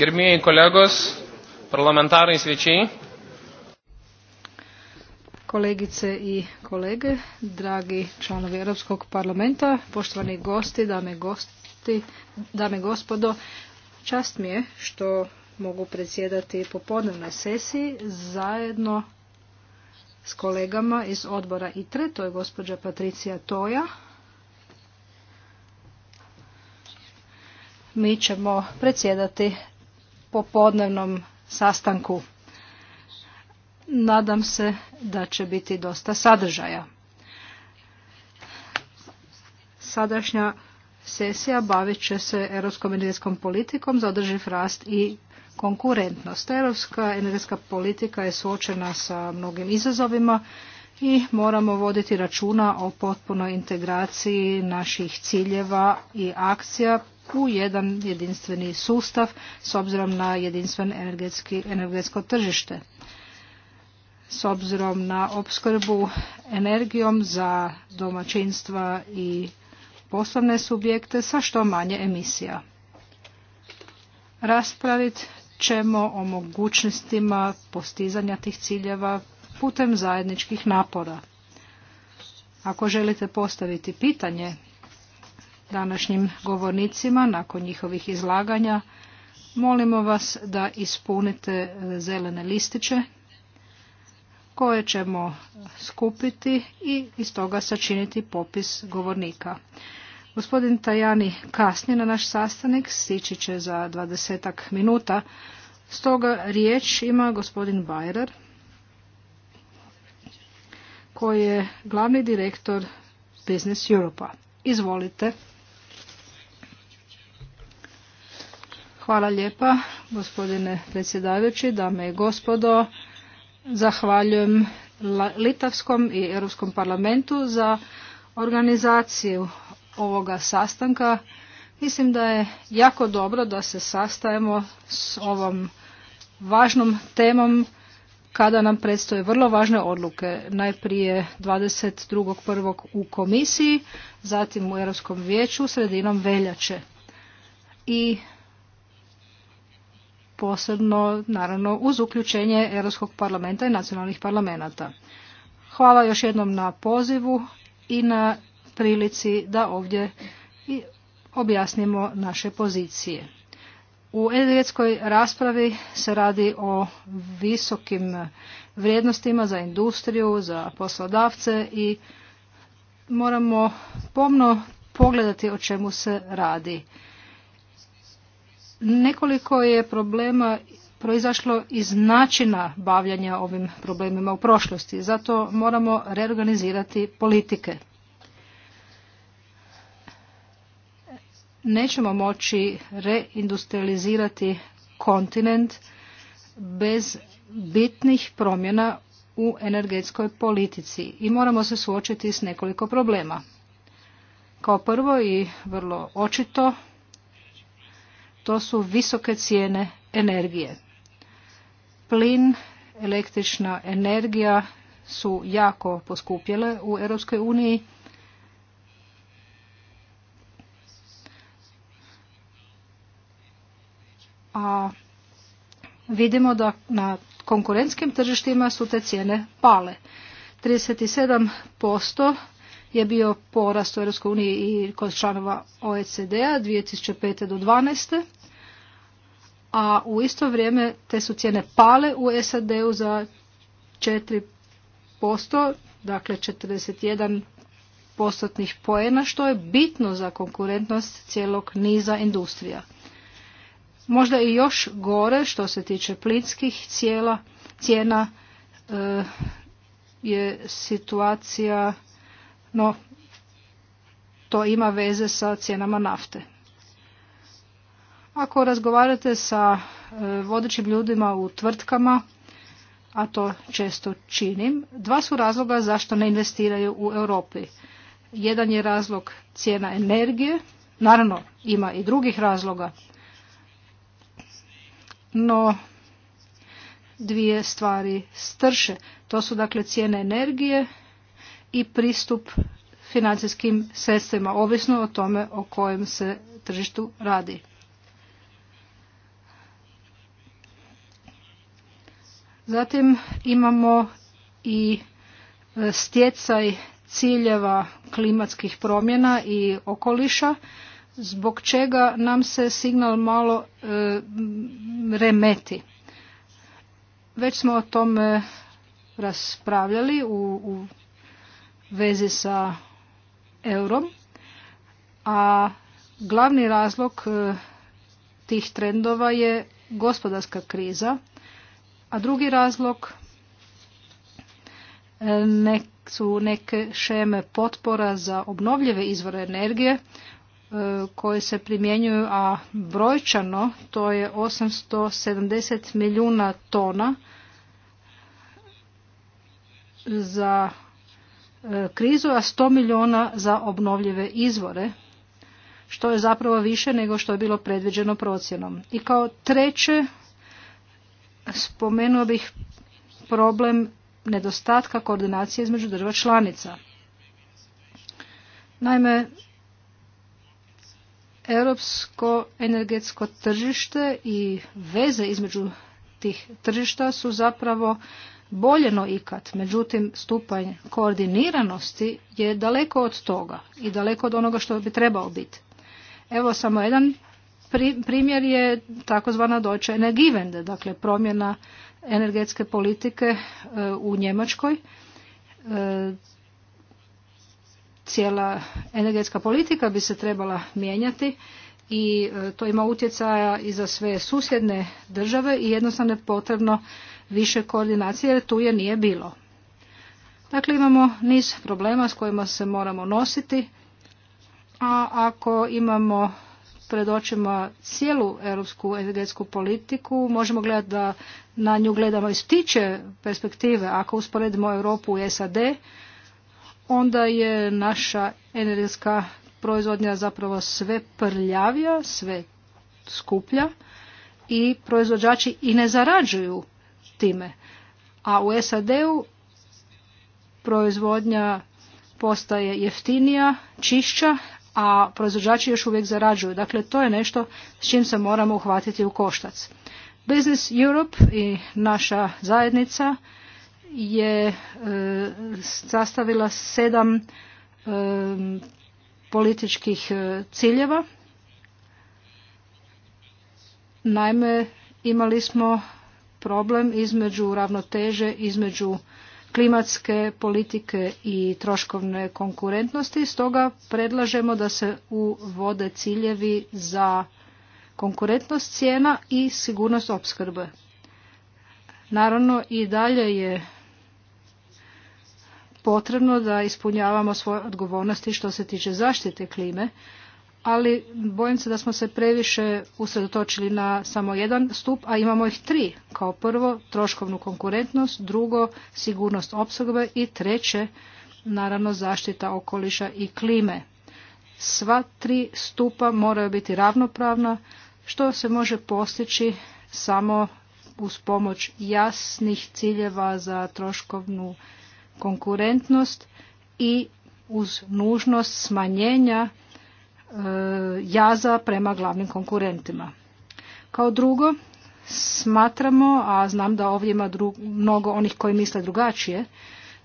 Gerbėjai kolegos, parlamentarai svečiai. Kolegice i kolege, dragi članovi Europskog parlamenta, poštovani gosti, dame gosti, dame gospodo, čast mi je što mogu predsjedati popodnevnoj sesiji zajedno s kolegama iz odbora ITRE, to je gospođa Patricija Toja. Mi ćemo predsjedati popodnevnom sastanku. Nadam se da će biti dosta sadržaja. Sadašnja sesija bavit će se europskom energetskom politikom za održiv rast i konkurentnost. Europska energetska politika je suočena sa mnogim izazovima i moramo voditi računa o potpunoj integraciji naših ciljeva i akcija u jedan jedinstveni sustav s obzirom na jedinstven energetsko tržište. S obzirom na opskrbu energijom za domaćinstva i poslovne subjekte sa što manje emisija. Raspravit ćemo o mogućnostima postizanja tih ciljeva putem zajedničkih napora. Ako želite postaviti pitanje današnjim govornicima nakon njihovih izlaganja. Molimo vas da ispunite e, zelene listiće koje ćemo skupiti i iz toga sačiniti popis govornika. Gospodin Tajani kasni na naš sastanak, stići će za dvadesetak minuta. Stoga riječ ima gospodin Bajrer, koji je glavni direktor Business Europa. Izvolite. Hvala lijepa gospodine predsjedavajući, dame i gospodo. Zahvaljujem Litavskom i Europskom parlamentu za organizaciju ovoga sastanka. Mislim da je jako dobro da se sastajemo s ovom važnom temom kada nam predstoje vrlo važne odluke. Najprije 22.1. u komisiji, zatim u Europskom vijeću sredinom veljače. I posebno naravno uz uključenje Europskog parlamenta i nacionalnih parlamenta. Hvala još jednom na pozivu i na prilici da ovdje objasnimo naše pozicije. U energetskoj raspravi se radi o visokim vrijednostima za industriju, za poslodavce i moramo pomno pogledati o čemu se radi. Nekoliko je problema proizašlo iz načina bavljanja ovim problemima u prošlosti. Zato moramo reorganizirati politike. Nećemo moći reindustrializirati kontinent bez bitnih promjena u energetskoj politici i moramo se suočiti s nekoliko problema. Kao prvo i vrlo očito to su visoke cijene energije. Plin, električna energija su jako poskupjele u Europskoj uniji. A vidimo da na konkurentskim tržištima su te cijene pale. 37% je bio porast u EU i kod članova OECD-a 2005. do 2012 a u isto vrijeme te su cijene pale u SAD-u za 4%, dakle 41 postotnih poena, što je bitno za konkurentnost cijelog niza industrija. Možda i još gore što se tiče plinskih cijela, cijena eh, je situacija, no to ima veze sa cijenama nafte. Ako razgovarate sa e, vodećim ljudima u tvrtkama, a to često činim, dva su razloga zašto ne investiraju u Europi. Jedan je razlog cijena energije, naravno ima i drugih razloga, no dvije stvari strše. To su dakle cijene energije i pristup financijskim sredstvima, ovisno o tome o kojem se tržištu radi. Zatim imamo i e, stjecaj ciljeva klimatskih promjena i okoliša zbog čega nam se signal malo e, remeti. Već smo o tome raspravljali u, u vezi sa eurom, a glavni razlog e, tih trendova je gospodarska kriza a drugi razlog e, nek su neke šeme potpora za obnovljive izvore energije e, koje se primjenjuju, a brojčano to je 870 milijuna tona za e, krizu, a 100 milijuna za obnovljive izvore, što je zapravo više nego što je bilo predviđeno procjenom. I kao treće spomenuo bih problem nedostatka koordinacije između država članica. Naime, europsko energetsko tržište i veze između tih tržišta su zapravo bolje no ikad. Međutim, stupanj koordiniranosti je daleko od toga i daleko od onoga što bi trebao biti. Evo samo jedan primjer je takozvana Deutsche Energiewende, dakle promjena energetske politike e, u Njemačkoj. E, cijela energetska politika bi se trebala mijenjati i e, to ima utjecaja i za sve susjedne države i jednostavno je potrebno više koordinacije jer tu je nije bilo. Dakle, imamo niz problema s kojima se moramo nositi, a ako imamo pred očima cijelu europsku energetsku politiku, možemo gledati da na nju gledamo iz tiče perspektive. Ako usporedimo Europu i SAD, onda je naša energetska proizvodnja zapravo sve prljavija, sve skuplja i proizvođači i ne zarađuju time. A u SAD-u proizvodnja postaje jeftinija, čišća, a proizvođači još uvijek zarađuju. Dakle, to je nešto s čim se moramo uhvatiti u koštac. Business Europe i naša zajednica je e, sastavila sedam e, političkih e, ciljeva. Naime, imali smo problem između ravnoteže, između klimatske politike i troškovne konkurentnosti. Stoga predlažemo da se uvode ciljevi za konkurentnost cijena i sigurnost opskrbe. Naravno i dalje je potrebno da ispunjavamo svoje odgovornosti što se tiče zaštite klime, ali bojim se da smo se previše usredotočili na samo jedan stup, a imamo ih tri. Kao prvo, troškovnu konkurentnost, drugo, sigurnost opskrbe i treće, naravno zaštita okoliša i klime. Sva tri stupa moraju biti ravnopravna, što se može postići samo uz pomoć jasnih ciljeva za troškovnu konkurentnost i uz nužnost smanjenja E, jaza prema glavnim konkurentima. Kao drugo, smatramo, a znam da ovdje ima mnogo onih koji misle drugačije,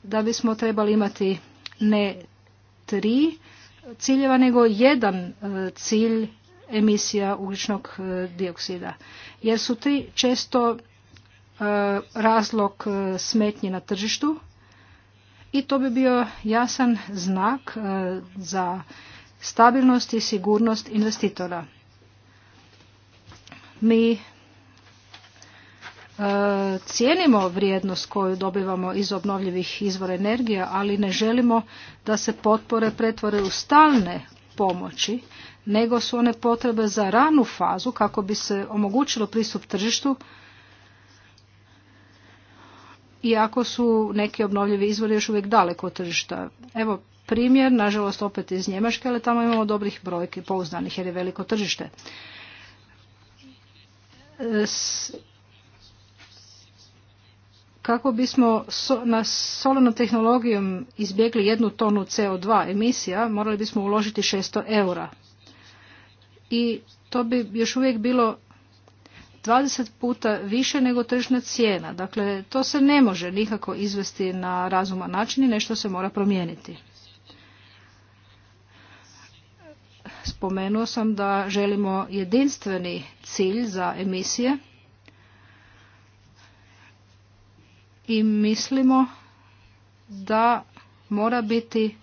da bismo trebali imati ne tri ciljeva, nego jedan e, cilj emisija ugljičnog e, dioksida. Jer su tri često razlog smetnje na tržištu i to bi bio jasan znak za stabilnost i sigurnost investitora. Mi e, cijenimo vrijednost koju dobivamo iz obnovljivih izvora energije, ali ne želimo da se potpore pretvore u stalne pomoći, nego su one potrebe za ranu fazu kako bi se omogućilo pristup tržištu iako su neki obnovljivi izvori još uvijek daleko od tržišta. Evo, primjer, nažalost opet iz Njemačke, ali tamo imamo dobrih brojki pouzdanih jer je veliko tržište. kako bismo na solarnom tehnologijom izbjegli jednu tonu CO2 emisija, morali bismo uložiti 600 eura. I to bi još uvijek bilo 20 puta više nego tržna cijena. Dakle, to se ne može nikako izvesti na razuman način i nešto se mora promijeniti. spomenuo sam da želimo jedinstveni cilj za emisije i mislimo da mora biti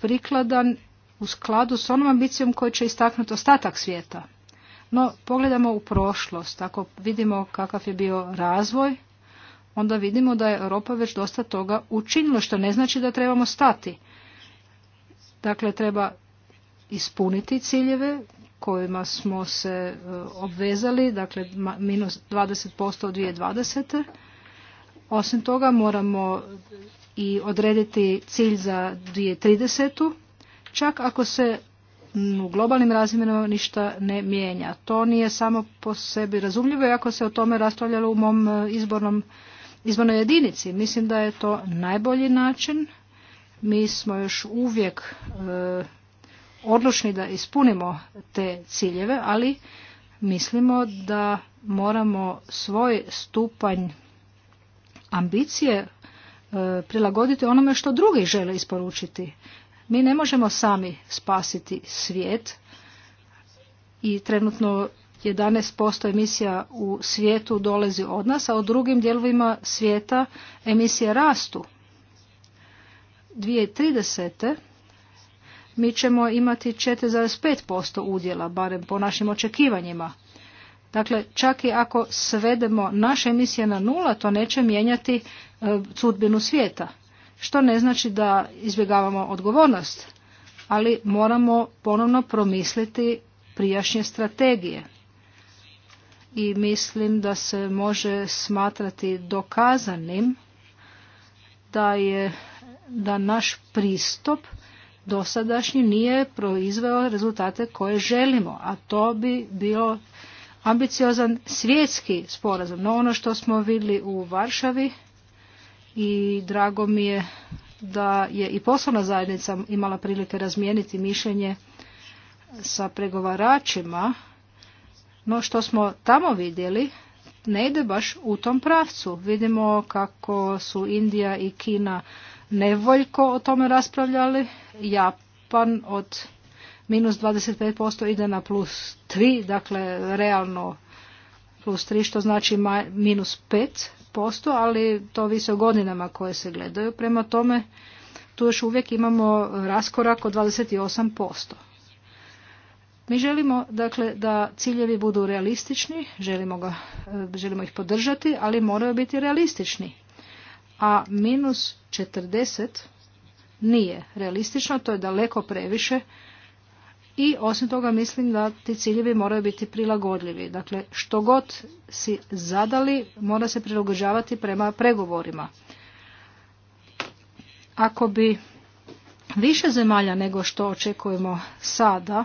prikladan u skladu s onom ambicijom koju će istaknuti ostatak svijeta. No, pogledamo u prošlost, ako vidimo kakav je bio razvoj, onda vidimo da je Europa već dosta toga učinila, što ne znači da trebamo stati. Dakle, treba ispuniti ciljeve kojima smo se e, obvezali, dakle minus 20% od 2020. Osim toga moramo i odrediti cilj za 2030. Čak ako se u globalnim razmjerima ništa ne mijenja. To nije samo po sebi razumljivo, ako se o tome raspravljalo u mom e, izbornom, izbornoj jedinici. Mislim da je to najbolji način. Mi smo još uvijek e, odlučni da ispunimo te ciljeve, ali mislimo da moramo svoj stupanj ambicije e, prilagoditi onome što drugi žele isporučiti. Mi ne možemo sami spasiti svijet i trenutno 11% emisija u svijetu dolazi od nas, a u drugim dijelovima svijeta emisije rastu. 2030 mi ćemo imati 4,5% udjela, barem po našim očekivanjima. Dakle, čak i ako svedemo naše emisije na nula, to neće mijenjati e, sudbinu svijeta. Što ne znači da izbjegavamo odgovornost, ali moramo ponovno promisliti prijašnje strategije. I mislim da se može smatrati dokazanim da je da naš pristup dosadašnji nije proizveo rezultate koje želimo, a to bi bilo ambiciozan svjetski sporazum. No ono što smo vidjeli u Varšavi i drago mi je da je i poslovna zajednica imala prilike razmijeniti mišljenje sa pregovaračima, no što smo tamo vidjeli ne ide baš u tom pravcu. Vidimo kako su Indija i Kina nevoljko o tome raspravljali. Japan od minus 25% ide na plus 3, dakle realno plus 3, što znači minus 5%, ali to visi o godinama koje se gledaju. Prema tome, tu još uvijek imamo raskorak od 28%. Mi želimo dakle, da ciljevi budu realistični, želimo, ga, želimo ih podržati, ali moraju biti realistični a minus 40 nije realistično, to je daleko previše i osim toga mislim da ti ciljevi moraju biti prilagodljivi. Dakle, što god si zadali mora se prilagođavati prema pregovorima. Ako bi više zemalja nego što očekujemo sada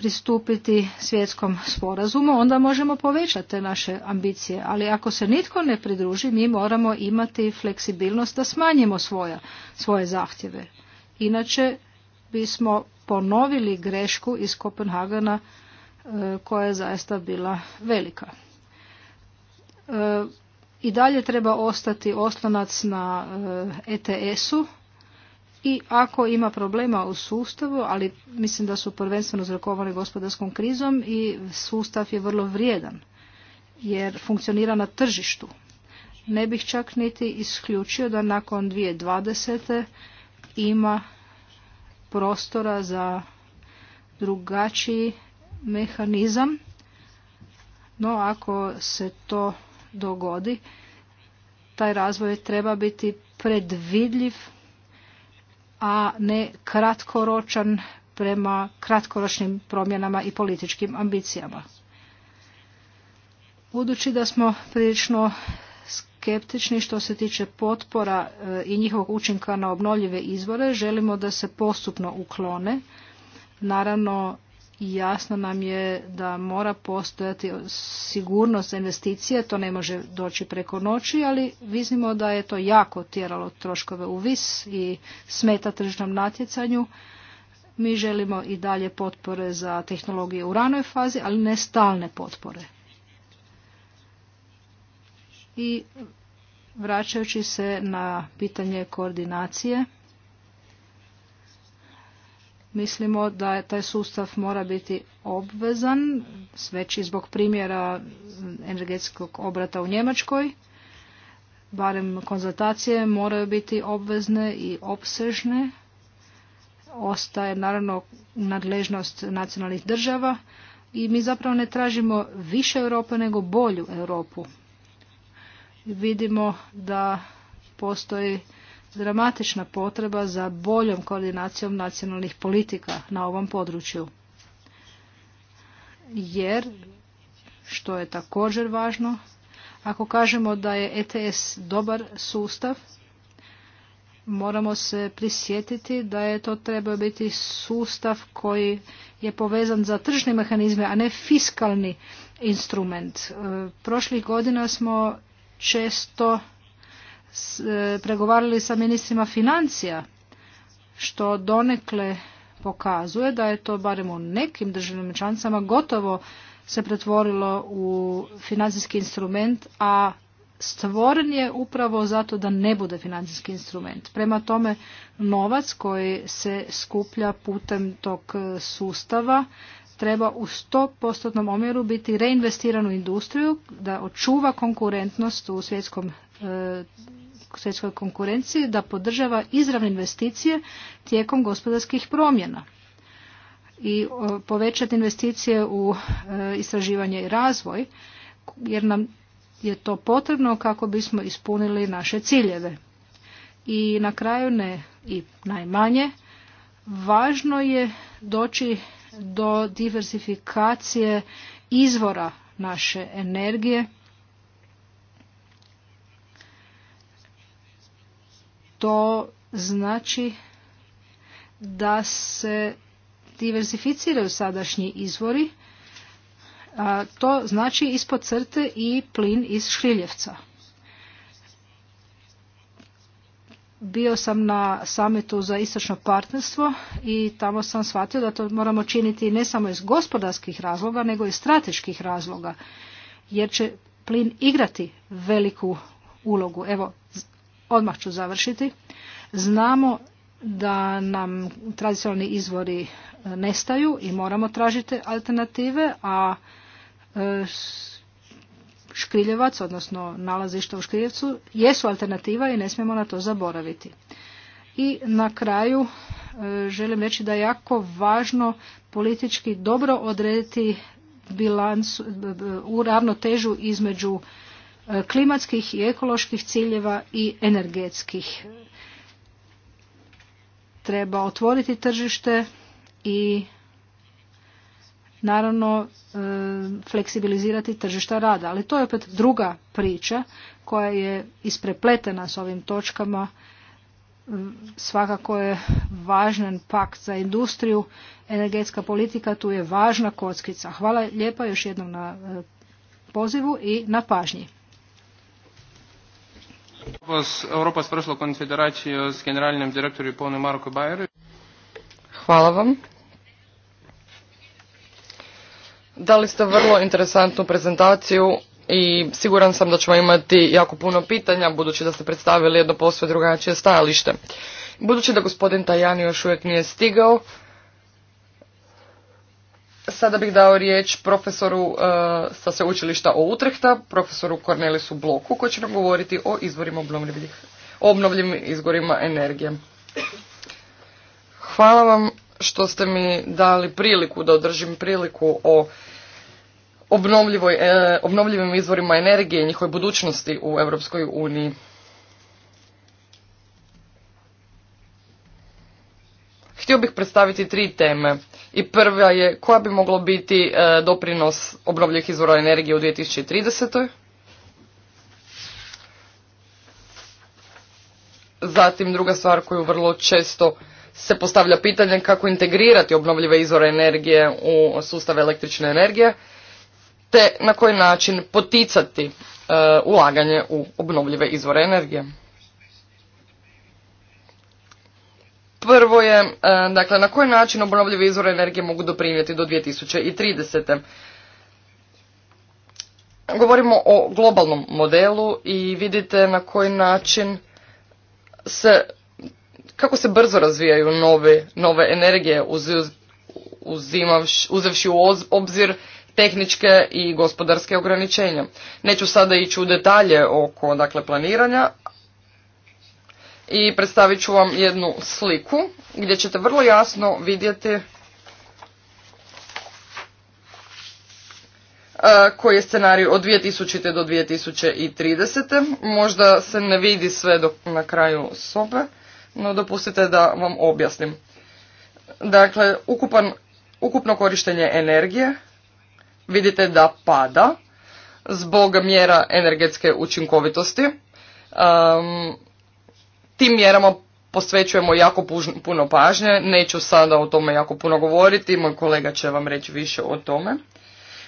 pristupiti svjetskom sporazumu, onda možemo povećati te naše ambicije. Ali ako se nitko ne pridruži, mi moramo imati fleksibilnost da smanjimo svoja, svoje zahtjeve. Inače bismo ponovili grešku iz Kopenhagana e, koja je zaista bila velika. E, I dalje treba ostati oslonac na ETS-u e i ako ima problema u sustavu, ali mislim da su prvenstveno uzrokovani gospodarskom krizom i sustav je vrlo vrijedan jer funkcionira na tržištu. Ne bih čak niti isključio da nakon 2020. ima prostora za drugačiji mehanizam, no ako se to dogodi, taj razvoj treba biti predvidljiv a ne kratkoročan prema kratkoročnim promjenama i političkim ambicijama. Budući da smo prilično skeptični što se tiče potpora e, i njihovog učinka na obnovljive izvore, želimo da se postupno uklone. Naravno, jasno nam je da mora postojati sigurnost investicije, to ne može doći preko noći, ali vidimo da je to jako tjeralo troškove u vis i smeta tržnom natjecanju. Mi želimo i dalje potpore za tehnologije u ranoj fazi, ali ne stalne potpore. I vraćajući se na pitanje koordinacije, Mislimo da taj sustav mora biti obvezan, već i zbog primjera energetskog obrata u Njemačkoj. Barem konzultacije moraju biti obvezne i opsežne. Ostaje naravno nadležnost nacionalnih država i mi zapravo ne tražimo više Europe nego bolju Europu. Vidimo da postoji dramatična potreba za boljom koordinacijom nacionalnih politika na ovom području. Jer, što je također važno, ako kažemo da je ETS dobar sustav, moramo se prisjetiti da je to trebao biti sustav koji je povezan za tržne mehanizme, a ne fiskalni instrument. E, prošlih godina smo često E, pregovarali sa ministrima financija, što donekle pokazuje da je to barem u nekim državnim članicama gotovo se pretvorilo u financijski instrument, a stvoren je upravo zato da ne bude financijski instrument. Prema tome, novac koji se skuplja putem tog e, sustava treba u 100% omjeru biti reinvestiran u industriju da očuva konkurentnost u svjetskom E, svjetskoj konkurenciji da podržava izravne investicije tijekom gospodarskih promjena i e, povećati investicije u e, istraživanje i razvoj jer nam je to potrebno kako bismo ispunili naše ciljeve. I na kraju ne i najmanje važno je doći do diversifikacije izvora naše energije to znači da se diversificiraju sadašnji izvori, a to znači ispod crte i plin iz Šriljevca. Bio sam na samitu za istočno partnerstvo i tamo sam shvatio da to moramo činiti ne samo iz gospodarskih razloga, nego i strateških razloga, jer će plin igrati veliku ulogu. Evo, Odmah ću završiti. Znamo da nam tradicionalni izvori e, nestaju i moramo tražiti alternative, a e, škriljevac, odnosno nalazišta u škriljevcu, jesu alternativa i ne smijemo na to zaboraviti. I na kraju e, želim reći da je jako važno politički dobro odrediti bilancu, u ravnotežu između klimatskih i ekoloških ciljeva i energetskih. Treba otvoriti tržište i naravno e, fleksibilizirati tržišta rada. Ali to je opet druga priča koja je isprepletena s ovim točkama. Svakako je važan pakt za industriju, energetska politika tu je važna kockica. Hvala lijepa još jednom na e, pozivu i na pažnji. Hvala vam. Dali ste vrlo interesantnu prezentaciju i siguran sam da ćemo imati jako puno pitanja budući da ste predstavili jedno posve drugačije stajalište. Budući da gospodin Tajani još uvijek nije stigao, Sada bih dao riječ profesoru e, sa sveučilišta o Utrehta, profesoru Cornelisu Bloku, koji će nam govoriti o izvorima obnovljivih, obnovljivim izvorima energije. Hvala vam što ste mi dali priliku da održim priliku o e, obnovljivim izvorima energije i njihovoj budućnosti u Europskoj uniji. Htio bih predstaviti tri teme. I prva je koja bi moglo biti e, doprinos obnovljivih izvora energije u 2030. Zatim druga stvar koju vrlo često se postavlja pitanje kako integrirati obnovljive izvore energije u sustav električne energije te na koji način poticati e, ulaganje u obnovljive izvore energije. Prvo je, e, dakle, na koji način obnovljivi izvore energije mogu doprinijeti do 2030. Govorimo o globalnom modelu i vidite na koji način se, kako se brzo razvijaju nove, nove energije uz, uzimavš, uzevši u obzir tehničke i gospodarske ograničenja. Neću sada ići u detalje oko dakle, planiranja, i predstavit ću vam jednu sliku gdje ćete vrlo jasno vidjeti e, koji je scenarij od 2000. do 2030. Možda se ne vidi sve na kraju sobe, no dopustite da vam objasnim. Dakle, ukupan, ukupno korištenje energije vidite da pada zbog mjera energetske učinkovitosti. Tim mjerama posvećujemo jako puno pažnje, neću sada o tome jako puno govoriti, moj kolega će vam reći više o tome.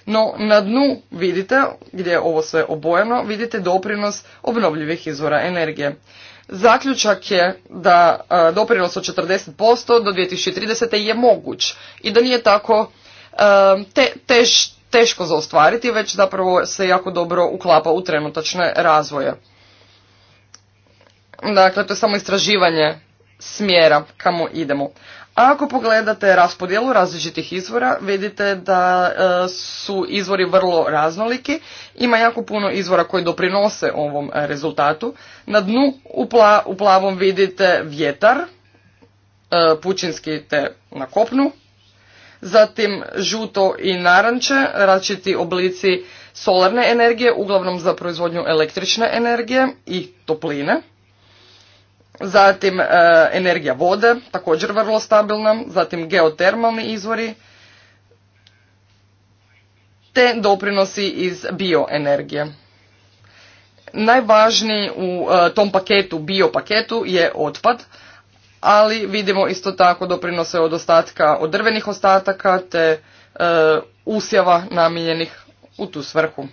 No na dnu vidite, gdje je ovo sve obojeno, vidite doprinos obnovljivih izvora energije. Zaključak je da e, doprinos od 40% do 2030. je moguć i da nije tako e, te, teško zaostvariti, ostvariti, već zapravo se jako dobro uklapa u trenutačne razvoje. Dakle, to je samo istraživanje smjera kamo idemo. A ako pogledate raspodjelu različitih izvora, vidite da e, su izvori vrlo raznoliki. Ima jako puno izvora koji doprinose ovom rezultatu. Na dnu u, plavom vidite vjetar, e, pučinski te na kopnu. Zatim žuto i naranče, različiti oblici solarne energije, uglavnom za proizvodnju električne energije i topline zatim e, energija vode, također vrlo stabilna, zatim geotermalni izvori, te doprinosi iz bioenergije. Najvažniji u e, tom paketu, biopaketu, je otpad, ali vidimo isto tako doprinose od ostatka, od drvenih ostataka te e, usjava namijenjenih u tu svrhu.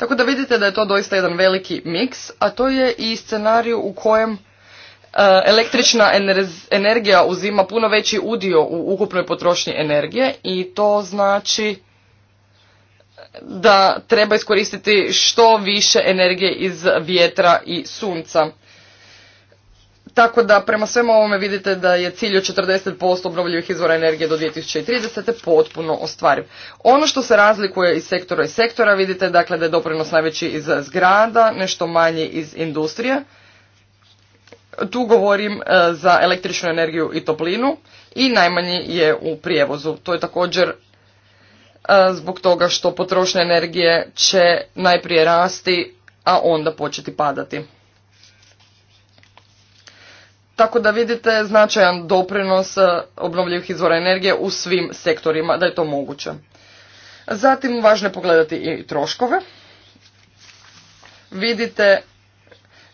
Tako da vidite da je to doista jedan veliki miks, a to je i scenariju u kojem e, električna energija uzima puno veći udio u ukupnoj potrošnji energije i to znači da treba iskoristiti što više energije iz vjetra i sunca. Tako da prema svemu ovome vidite da je cilj od 40% obnovljivih izvora energije do 2030. potpuno ostvariv. Ono što se razlikuje iz sektora i sektora vidite dakle da je doprinos najveći iz zgrada, nešto manji iz industrije. Tu govorim e, za električnu energiju i toplinu i najmanji je u prijevozu. To je također e, zbog toga što potrošnja energije će najprije rasti, a onda početi padati. Tako da vidite značajan doprinos e, obnovljivih izvora energije u svim sektorima, da je to moguće. Zatim, važno je pogledati i troškove. Vidite,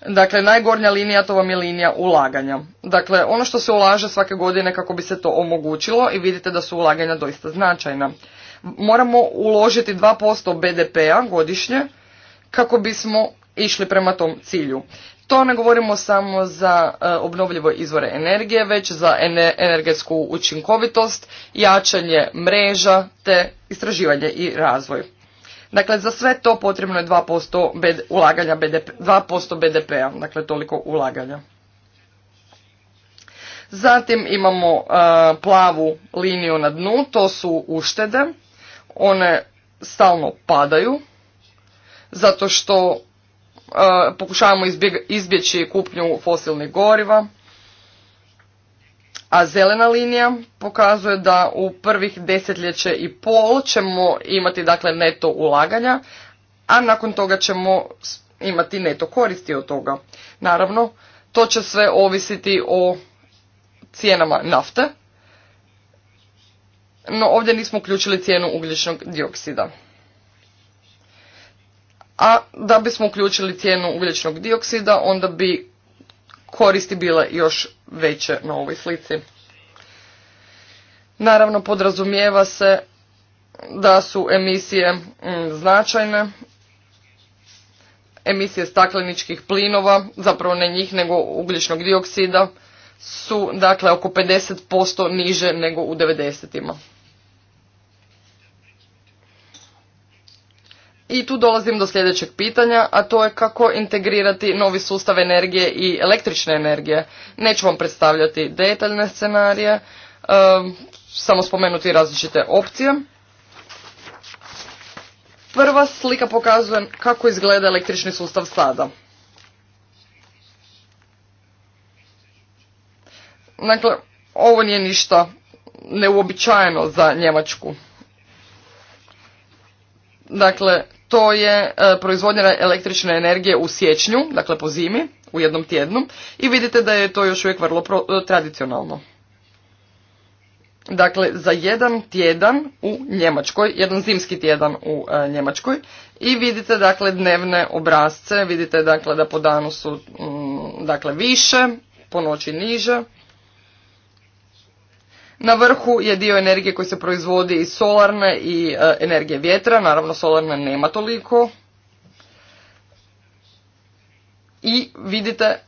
dakle, najgornja linija to vam je linija ulaganja. Dakle, ono što se ulaže svake godine kako bi se to omogućilo i vidite da su ulaganja doista značajna. Moramo uložiti 2% BDP-a godišnje kako bismo išli prema tom cilju. To ne govorimo samo za e, obnovljivo izvore energije, već za energetsku učinkovitost, jačanje mreža te istraživanje i razvoj. Dakle, za sve to potrebno je 2% ulaganja BDP, BDP-a, dakle toliko ulaganja. Zatim imamo e, plavu liniju na dnu, to su uštede, one stalno padaju, zato što E, pokušavamo izbjeći kupnju fosilnih goriva, a zelena linija pokazuje da u prvih desetljeće i pol ćemo imati dakle neto ulaganja, a nakon toga ćemo imati neto koristi od toga. Naravno, to će sve ovisiti o cijenama nafte, no ovdje nismo uključili cijenu ugljičnog dioksida a da bismo uključili cijenu ugljičnog dioksida, onda bi koristi bile još veće na ovoj slici. Naravno, podrazumijeva se da su emisije mm, značajne, emisije stakleničkih plinova, zapravo ne njih nego ugljičnog dioksida, su dakle oko 50% niže nego u 90-ima. I tu dolazim do sljedećeg pitanja, a to je kako integrirati novi sustav energije i električne energije. Neću vam predstavljati detaljne scenarije, ehm, samo spomenuti različite opcije. Prva slika pokazuje kako izgleda električni sustav sada. Dakle, ovo nije ništa neuobičajeno za Njemačku. Dakle, to je e, proizvodnja električne energije u siječnju, dakle po zimi, u jednom tjednu i vidite da je to još uvijek vrlo e, tradicionalno. Dakle, za jedan tjedan u Njemačkoj, jedan zimski tjedan u e, Njemačkoj i vidite dakle dnevne obrazce, vidite dakle da po danu su mm, dakle više, po noći niže na vrhu je dio energije koji se proizvodi iz solarne i e, energije vjetra, naravno solarne nema toliko. I vidite,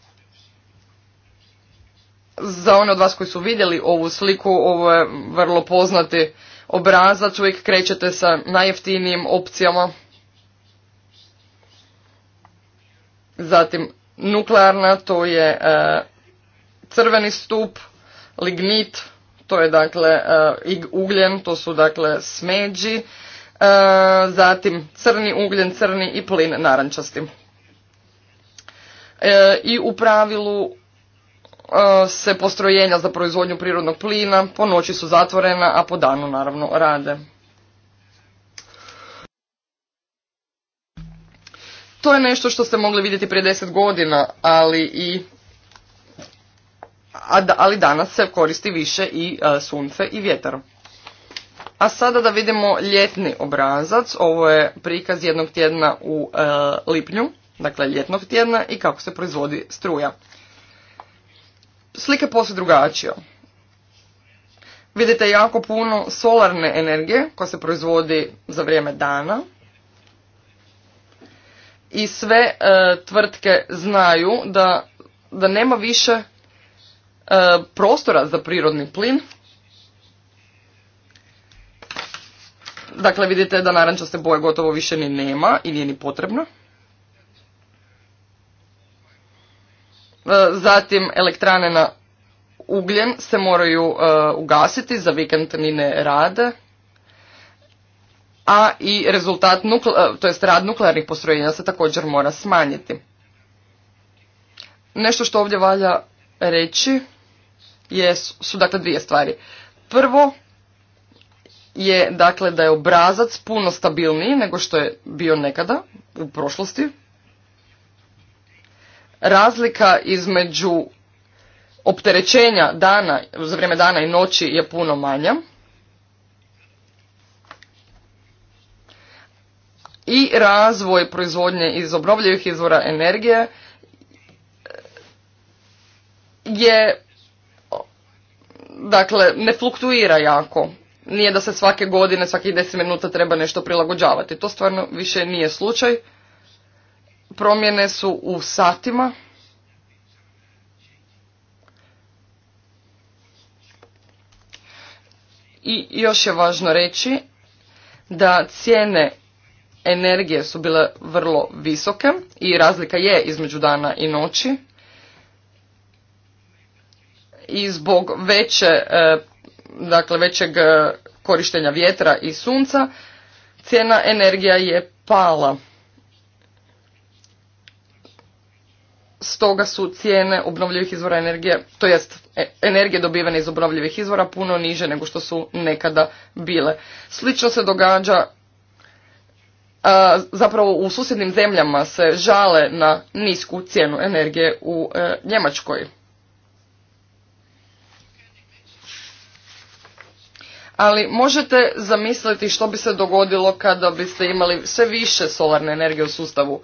za one od vas koji su vidjeli ovu sliku, ovo je vrlo poznati obrazac, uvijek krećete sa najjeftinijim opcijama. Zatim nuklearna, to je e, crveni stup, lignit, to je dakle e, i ugljen, to su dakle smeđi, e, zatim crni ugljen, crni i plin narančasti. E, I u pravilu se postrojenja za proizvodnju prirodnog plina po noći su zatvorena, a po danu naravno rade. To je nešto što ste mogli vidjeti prije deset godina, ali i ali danas se koristi više i e, sunce i vjetar. A sada da vidimo ljetni obrazac, ovo je prikaz jednog tjedna u e, lipnju, dakle ljetnog tjedna i kako se proizvodi struja. Slike posve drugačije. Vidite jako puno solarne energije koja se proizvodi za vrijeme dana. I sve e, tvrtke znaju da, da nema više E, prostora za prirodni plin. Dakle, vidite da narančaste boje gotovo više ni nema i nije ni potrebno. E, zatim, elektrane na ugljen se moraju e, ugasiti, za vikend ni rade. A i rezultat, to jest rad nuklearnih postrojenja se također mora smanjiti. Nešto što ovdje valja reći jesu, su dakle dvije stvari. Prvo je dakle da je obrazac puno stabilniji nego što je bio nekada u prošlosti. Razlika između opterećenja dana, za vrijeme dana i noći je puno manja. I razvoj proizvodnje iz obnovljivih izvora energije je dakle, ne fluktuira jako. Nije da se svake godine, svakih deset minuta treba nešto prilagođavati. To stvarno više nije slučaj. Promjene su u satima. I još je važno reći da cijene energije su bile vrlo visoke i razlika je između dana i noći i zbog veće, e, dakle većeg e, korištenja vjetra i sunca cijena energija je pala. Stoga su cijene obnovljivih izvora energije, to jest e, energije dobivene iz obnovljivih izvora puno niže nego što su nekada bile. Slično se događa zapravo u susjednim zemljama se žale na nisku cijenu energije u Njemačkoj. ali možete zamisliti što bi se dogodilo kada biste imali sve više solarne energije u sustavu.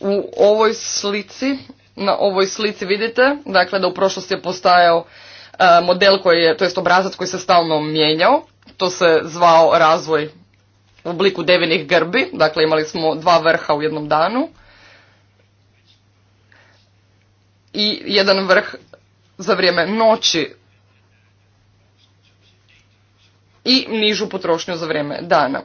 U ovoj slici, na ovoj slici vidite, dakle da u prošlosti je postajao e, model koji je, to jest obrazac koji se stalno mijenjao, to se zvao razvoj u obliku devinih grbi, dakle imali smo dva vrha u jednom danu i jedan vrh za vrijeme noći i nižu potrošnju za vrijeme dana.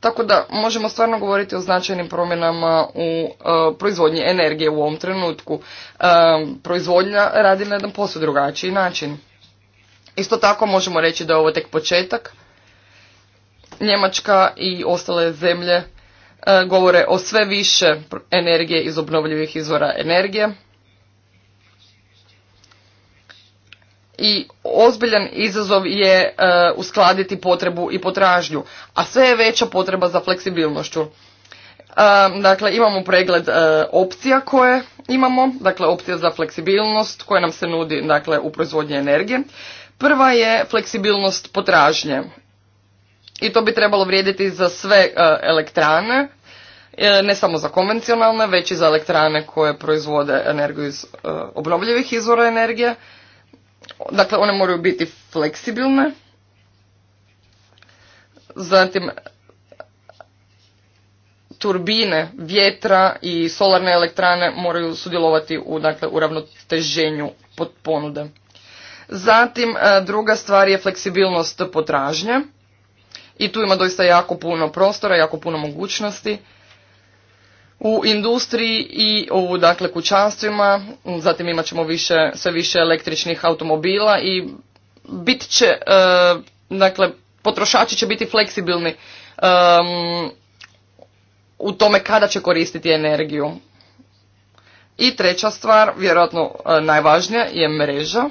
Tako da možemo stvarno govoriti o značajnim promjenama u e, proizvodnji energije u ovom trenutku. E, proizvodnja radi na jedan posve drugačiji način. Isto tako možemo reći da je ovo tek početak. Njemačka i ostale zemlje e, govore o sve više energije iz obnovljivih izvora energije. i ozbiljan izazov je e, uskladiti potrebu i potražnju, a sve je veća potreba za fleksibilnošću. E, dakle, imamo pregled e, opcija koje imamo, dakle opcija za fleksibilnost koja nam se nudi dakle, u proizvodnji energije. Prva je fleksibilnost potražnje i to bi trebalo vrijediti za sve elektrane, ne samo za konvencionalne, već i za elektrane koje proizvode energiju iz obnovljivih izvora energije Dakle, one moraju biti fleksibilne. Zatim, turbine vjetra i solarne elektrane moraju sudjelovati u dakle, uravnoteženju pod ponude. Zatim, e, druga stvar je fleksibilnost potražnje. I tu ima doista jako puno prostora, jako puno mogućnosti u industriji i u dakle, kućanstvima, zatim imat ćemo više, sve više električnih automobila i bit će, e, dakle potrošači će biti fleksibilni u tome kada će koristiti energiju. I treća stvar, vjerojatno e, najvažnija, je mreža.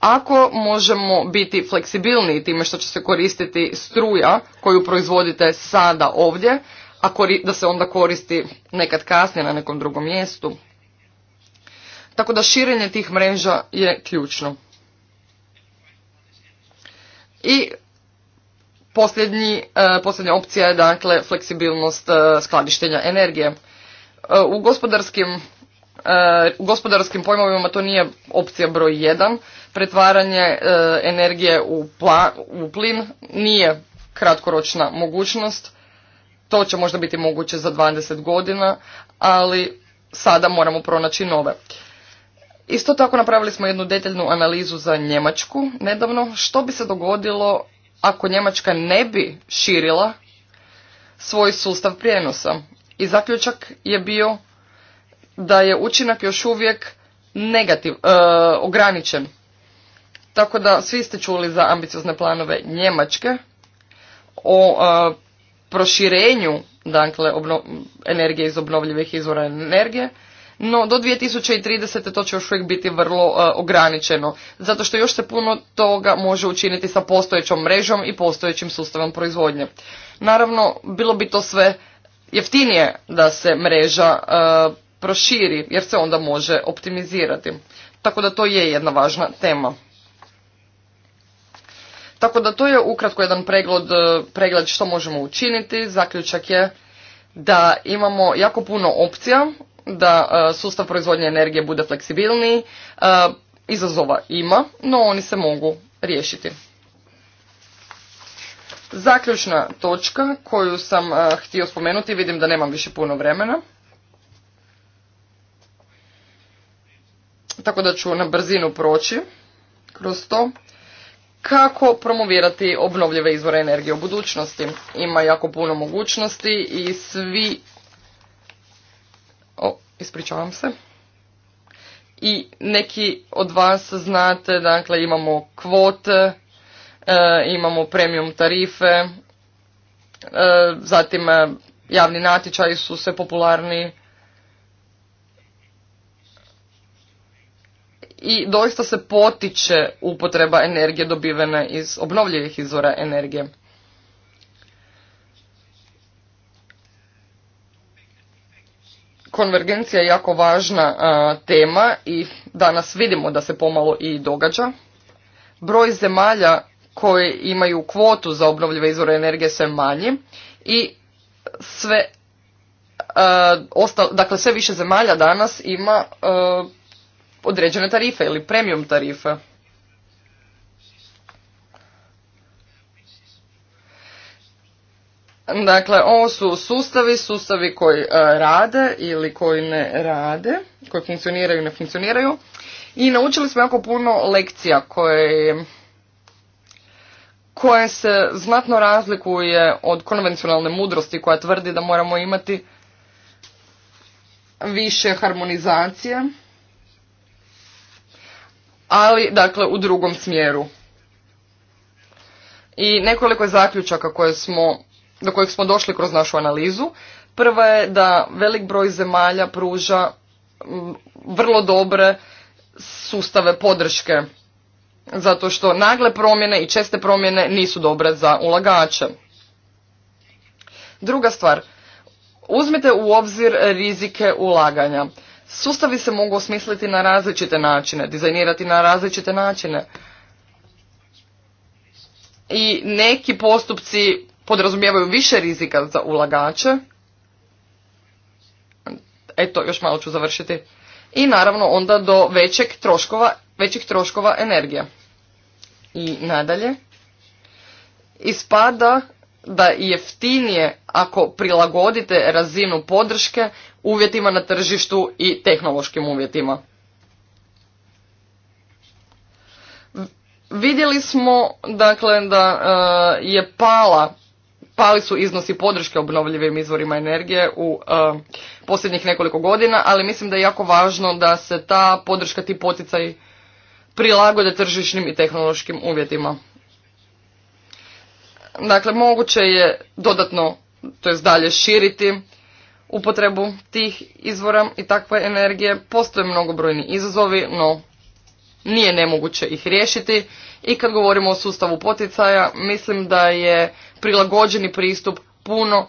Ako možemo biti fleksibilni time što će se koristiti struja koju proizvodite sada ovdje, a da se onda koristi nekad kasnije na nekom drugom mjestu. Tako da širenje tih mreža je ključno. I posljednji, e, posljednja opcija je dakle fleksibilnost e, skladištenja energije. E, u gospodarskim, u gospodarskim pojmovima to nije opcija broj 1. Pretvaranje energije u, pla, u plin nije kratkoročna mogućnost to će možda biti moguće za 20 godina, ali sada moramo pronaći nove. Isto tako napravili smo jednu detaljnu analizu za Njemačku nedavno. Što bi se dogodilo ako Njemačka ne bi širila svoj sustav prijenosa? I zaključak je bio da je učinak još uvijek negativ, e, ograničen. Tako da svi ste čuli za ambiciozne planove Njemačke o e, proširenju dakle, energije iz obnovljivih izvora energije, no do 2030. to će još uvijek biti vrlo e, ograničeno, zato što još se puno toga može učiniti sa postojećom mrežom i postojećim sustavom proizvodnje. Naravno, bilo bi to sve jeftinije da se mreža e, proširi, jer se onda može optimizirati. Tako da to je jedna važna tema. Tako da to je ukratko jedan pregled, e, pregled što možemo učiniti. Zaključak je da imamo jako puno opcija, da e, sustav proizvodnje energije bude fleksibilniji. E, izazova ima, no oni se mogu riješiti. Zaključna točka koju sam htio spomenuti, vidim da nemam više puno vremena. Tako da ću na brzinu proći kroz to kako promovirati obnovljive izvore energije u budućnosti. Ima jako puno mogućnosti i svi... O, ispričavam se. I neki od vas znate, dakle imamo kvote, e, imamo premium tarife, e, zatim e, javni natječaji su sve popularniji i doista se potiče upotreba energije dobivene iz obnovljivih izvora energije. Konvergencija je jako važna tema i danas vidimo da se pomalo i događa. Broj zemalja koje imaju kvotu za obnovljive izvore energije sve manji i sve, dakle sve više zemalja danas ima određene tarife ili premium tarife. Dakle, ovo su sustavi, sustavi koji e, rade ili koji ne rade, koji funkcioniraju i ne funkcioniraju. I naučili smo jako puno lekcija koje, koje se znatno razlikuje od konvencionalne mudrosti koja tvrdi da moramo imati više harmonizacije ali dakle u drugom smjeru. I nekoliko je zaključaka koje smo, do kojih smo došli kroz našu analizu. Prva je da velik broj zemalja pruža vrlo dobre sustave podrške, zato što nagle promjene i česte promjene nisu dobre za ulagače. Druga stvar, uzmite u obzir rizike ulaganja. Sustavi se mogu osmisliti na različite načine, dizajnirati na različite načine. I neki postupci podrazumijevaju više rizika za ulagače. Eto, još malo ću završiti. I naravno onda do većeg troškova, većih troškova energije. I nadalje. Ispada da jeftinije ako prilagodite razinu podrške uvjetima na tržištu i tehnološkim uvjetima. Vidjeli smo dakle da e, je pala, pali su iznosi podrške obnovljivim izvorima energije u e, posljednjih nekoliko godina, ali mislim da je jako važno da se ta podrška, ti poticaji prilagode tržišnim i tehnološkim uvjetima. Dakle, moguće je dodatno, to jest dalje širiti upotrebu tih izvora i takve energije. Postoje mnogobrojni izazovi, no nije nemoguće ih riješiti. I kad govorimo o sustavu poticaja, mislim da je prilagođeni pristup puno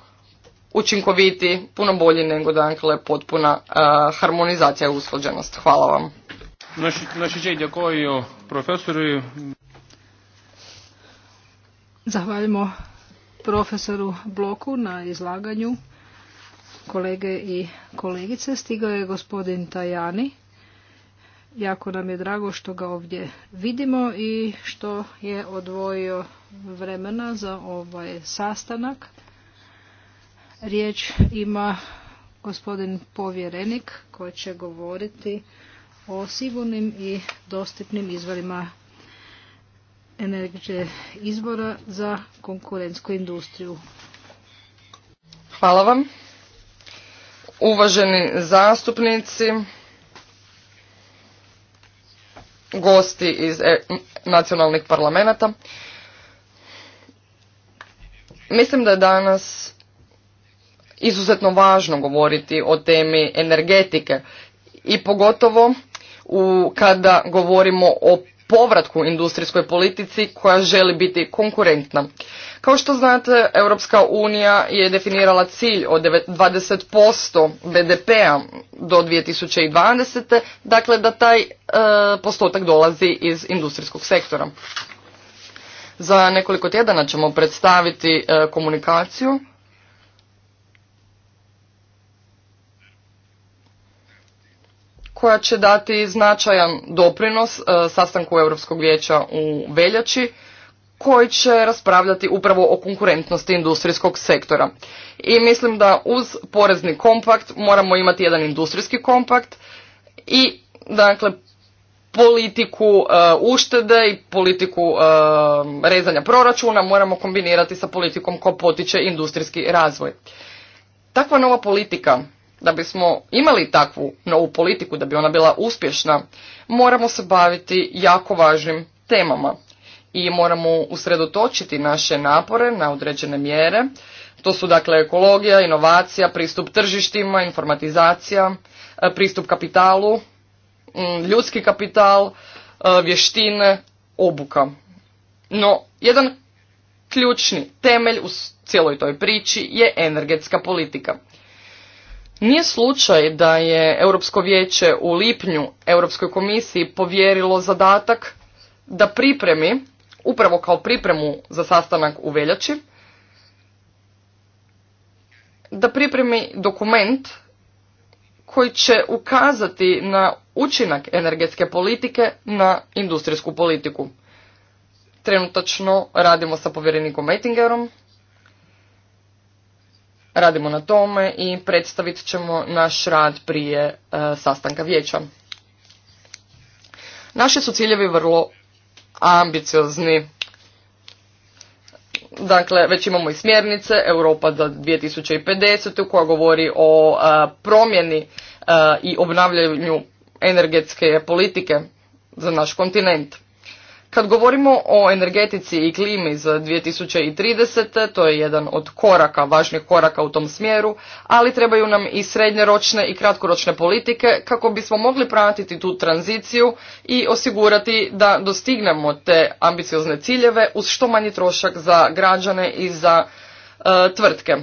učinkoviti, puno bolji nego dakle potpuna uh, harmonizacija i usklađenost. Hvala vam. Naši, naši Zahvaljujemo profesoru Bloku na izlaganju kolege i kolegice. Stigao je gospodin Tajani. Jako nam je drago što ga ovdje vidimo i što je odvojio vremena za ovaj sastanak. Riječ ima gospodin povjerenik koji će govoriti o sigurnim i dostupnim izvorima energije izbora za konkurentsku industriju. Hvala vam. Uvaženi zastupnici, gosti iz e, nacionalnih parlamenta, mislim da je danas izuzetno važno govoriti o temi energetike i pogotovo u, kada govorimo o povratku industrijskoj politici koja želi biti konkurentna. Kao što znate, Europska unija je definirala cilj od 20% BDP-a do 2020. Dakle, da taj e, postotak dolazi iz industrijskog sektora. Za nekoliko tjedana ćemo predstaviti e, komunikaciju koja će dati značajan doprinos e, sastanku Europskog vijeća u veljači koji će raspravljati upravo o konkurentnosti industrijskog sektora. I mislim da uz porezni kompakt moramo imati jedan industrijski kompakt i dakle politiku e, uštede i politiku e, rezanja proračuna moramo kombinirati sa politikom koja potiče industrijski razvoj. Takva nova politika da bismo imali takvu novu politiku, da bi ona bila uspješna, moramo se baviti jako važnim temama i moramo usredotočiti naše napore na određene mjere. To su dakle ekologija, inovacija, pristup tržištima, informatizacija, e, pristup kapitalu, mm, ljudski kapital, e, vještine, obuka. No, jedan ključni temelj u cijeloj toj priči je energetska politika. Nije slučaj da je Europsko vijeće u lipnju Europskoj komisiji povjerilo zadatak da pripremi, upravo kao pripremu za sastanak u veljači, da pripremi dokument koji će ukazati na učinak energetske politike na industrijsku politiku. Trenutačno radimo sa povjerenikom Ettingerom Radimo na tome i predstavit ćemo naš rad prije e, sastanka vijeća. Naši su ciljevi vrlo ambiciozni. Dakle, već imamo i smjernice Europa za 2050. koja govori o e, promjeni e, i obnavljanju energetske politike za naš kontinent. Kad govorimo o energetici i klimi za 2030. to je jedan od koraka, važnih koraka u tom smjeru, ali trebaju nam i srednjeročne i kratkoročne politike kako bismo mogli pratiti tu tranziciju i osigurati da dostignemo te ambiciozne ciljeve uz što manji trošak za građane i za e, tvrtke.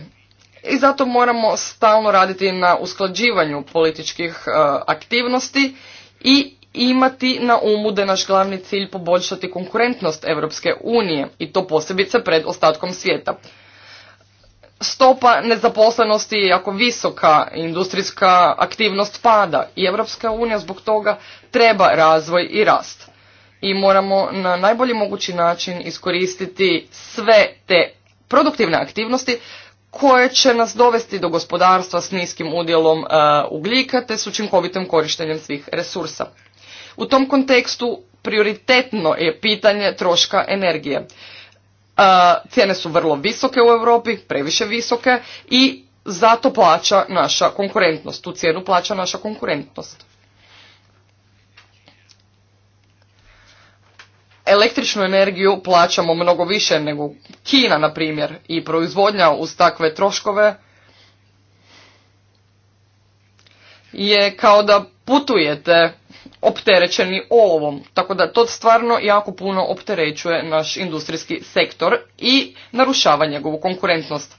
I zato moramo stalno raditi na usklađivanju političkih e, aktivnosti i imati na umu da je naš glavni cilj poboljšati konkurentnost Europske unije i to posebice pred ostatkom svijeta. Stopa nezaposlenosti je jako visoka, industrijska aktivnost pada i Europska unija zbog toga treba razvoj i rast. I moramo na najbolji mogući način iskoristiti sve te produktivne aktivnosti koje će nas dovesti do gospodarstva s niskim udjelom e, ugljika te s učinkovitim korištenjem svih resursa. U tom kontekstu prioritetno je pitanje troška energije. E, cijene su vrlo visoke u Europi, previše visoke i zato plaća naša konkurentnost. Tu cijenu plaća naša konkurentnost. Električnu energiju plaćamo mnogo više nego Kina, na primjer, i proizvodnja uz takve troškove je kao da putujete opterećeni ovom, Tako da to stvarno jako puno opterećuje naš industrijski sektor i narušava njegovu konkurentnost.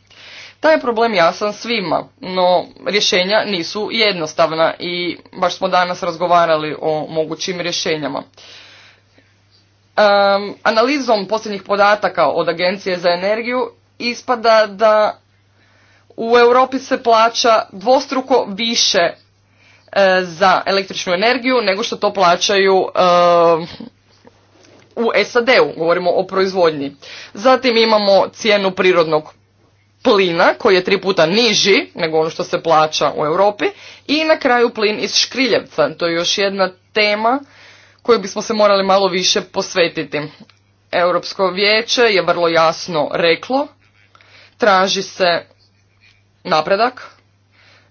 Taj je problem jasan svima, no rješenja nisu jednostavna i baš smo danas razgovarali o mogućim rješenjama. analizom posljednjih podataka od Agencije za energiju ispada da u Europi se plaća dvostruko više E, za električnu energiju nego što to plaćaju e, u SAD-u, govorimo o proizvodnji. Zatim imamo cijenu prirodnog plina koji je tri puta niži nego ono što se plaća u Europi i na kraju plin iz škriljevca. To je još jedna tema koju bismo se morali malo više posvetiti. Europsko vijeće je vrlo jasno reklo, traži se napredak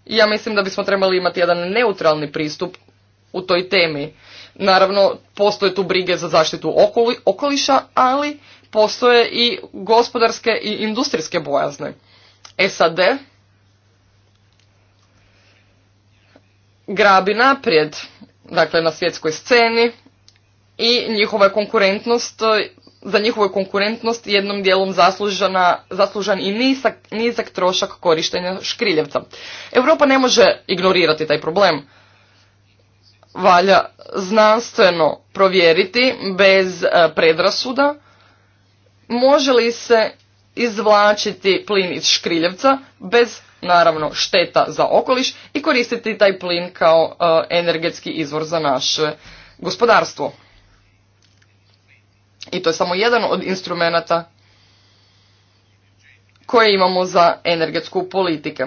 ja mislim da bismo trebali imati jedan neutralni pristup u toj temi. Naravno, postoje tu brige za zaštitu okoli, okoliša, ali postoje i gospodarske i industrijske bojazne. E SAD grabi naprijed, dakle na svjetskoj sceni i njihova konkurentnost za njihovu konkurentnost jednom dijelom zaslužena, zaslužan i nizak, nizak trošak korištenja škriljevca. Europa ne može ignorirati taj problem. Valja znanstveno provjeriti bez e, predrasuda može li se izvlačiti plin iz škriljevca bez naravno šteta za okoliš i koristiti taj plin kao e, energetski izvor za naše gospodarstvo. I to je samo jedan od instrumenata koje imamo za energetsku politike.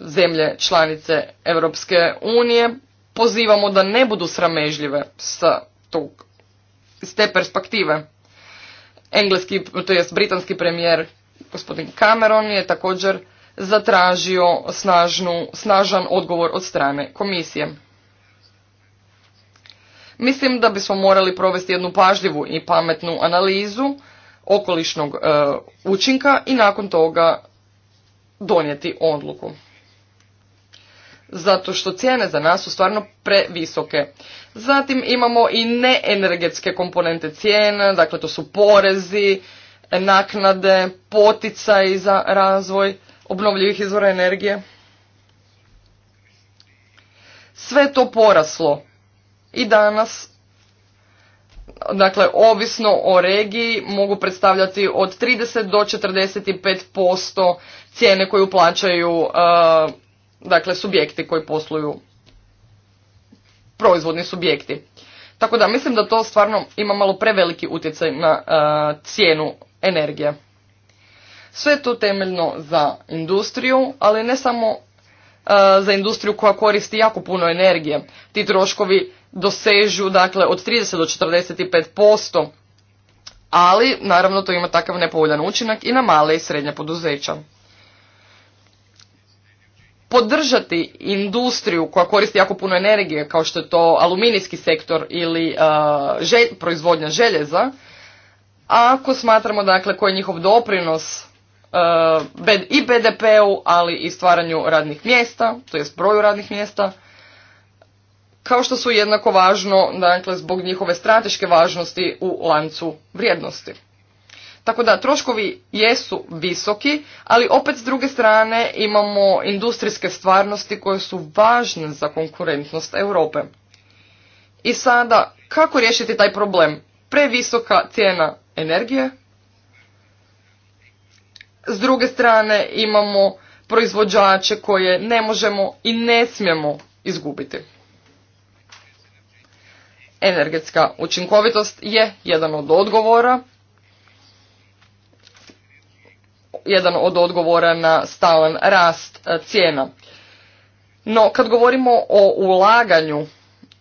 Zemlje članice Europske unije pozivamo da ne budu sramežljive sa tog, s te perspektive. Engleski, to jest britanski premijer gospodin Cameron je također zatražio snažan odgovor od strane komisije. Mislim da bismo morali provesti jednu pažljivu i pametnu analizu okolišnog e, učinka i nakon toga donijeti odluku. Zato što cijene za nas su stvarno previsoke. Zatim imamo i neenergetske komponente cijena, dakle to su porezi, naknade, poticaj za razvoj obnovljivih izvora energije. Sve to poraslo i danas dakle ovisno o regiji mogu predstavljati od 30 do 45% cijene koju plaćaju uh, dakle subjekti koji posluju proizvodni subjekti. Tako da mislim da to stvarno ima malo preveliki utjecaj na uh, cijenu energije. Sve je to temeljno za industriju, ali ne samo uh, za industriju koja koristi jako puno energije. Ti troškovi dosežu dakle od 30 do 45%, ali naravno to ima takav nepovoljan učinak i na male i srednja poduzeća. Podržati industriju koja koristi jako puno energije kao što je to aluminijski sektor ili uh, proizvodnja željeza, ako smatramo dakle koji je njihov doprinos uh, i BDP-u, ali i stvaranju radnih mjesta, to jest broju radnih mjesta, kao što su jednako važno dakle, zbog njihove strateške važnosti u lancu vrijednosti. Tako da troškovi jesu visoki, ali opet s druge strane imamo industrijske stvarnosti koje su važne za konkurentnost Europe. I sada, kako riješiti taj problem? Previsoka cijena energije. S druge strane imamo proizvođače koje ne možemo i ne smijemo izgubiti energetska učinkovitost je jedan od odgovora jedan od odgovora na stalan rast e, cijena. No kad govorimo o ulaganju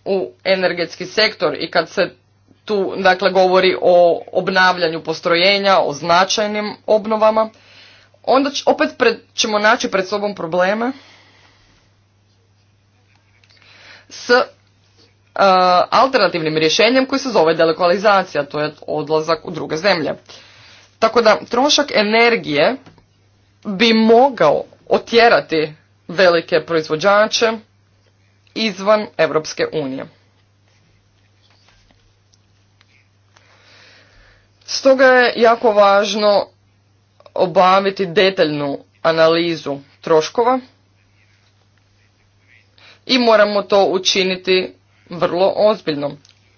u energetski sektor i kad se tu dakle govori o obnavljanju postrojenja, o značajnim obnovama, onda opet pred, ćemo naći pred sobom probleme s Eh, alternativnim rješenjem koji se zove delokalizacija, to je odlazak u druge zemlje. Tako da trošak energije bi mogao otjerati velike proizvođače izvan Europske unije. Stoga je jako važno obaviti detaljnu analizu troškova i moramo to učiniti vrlo ozbiljno.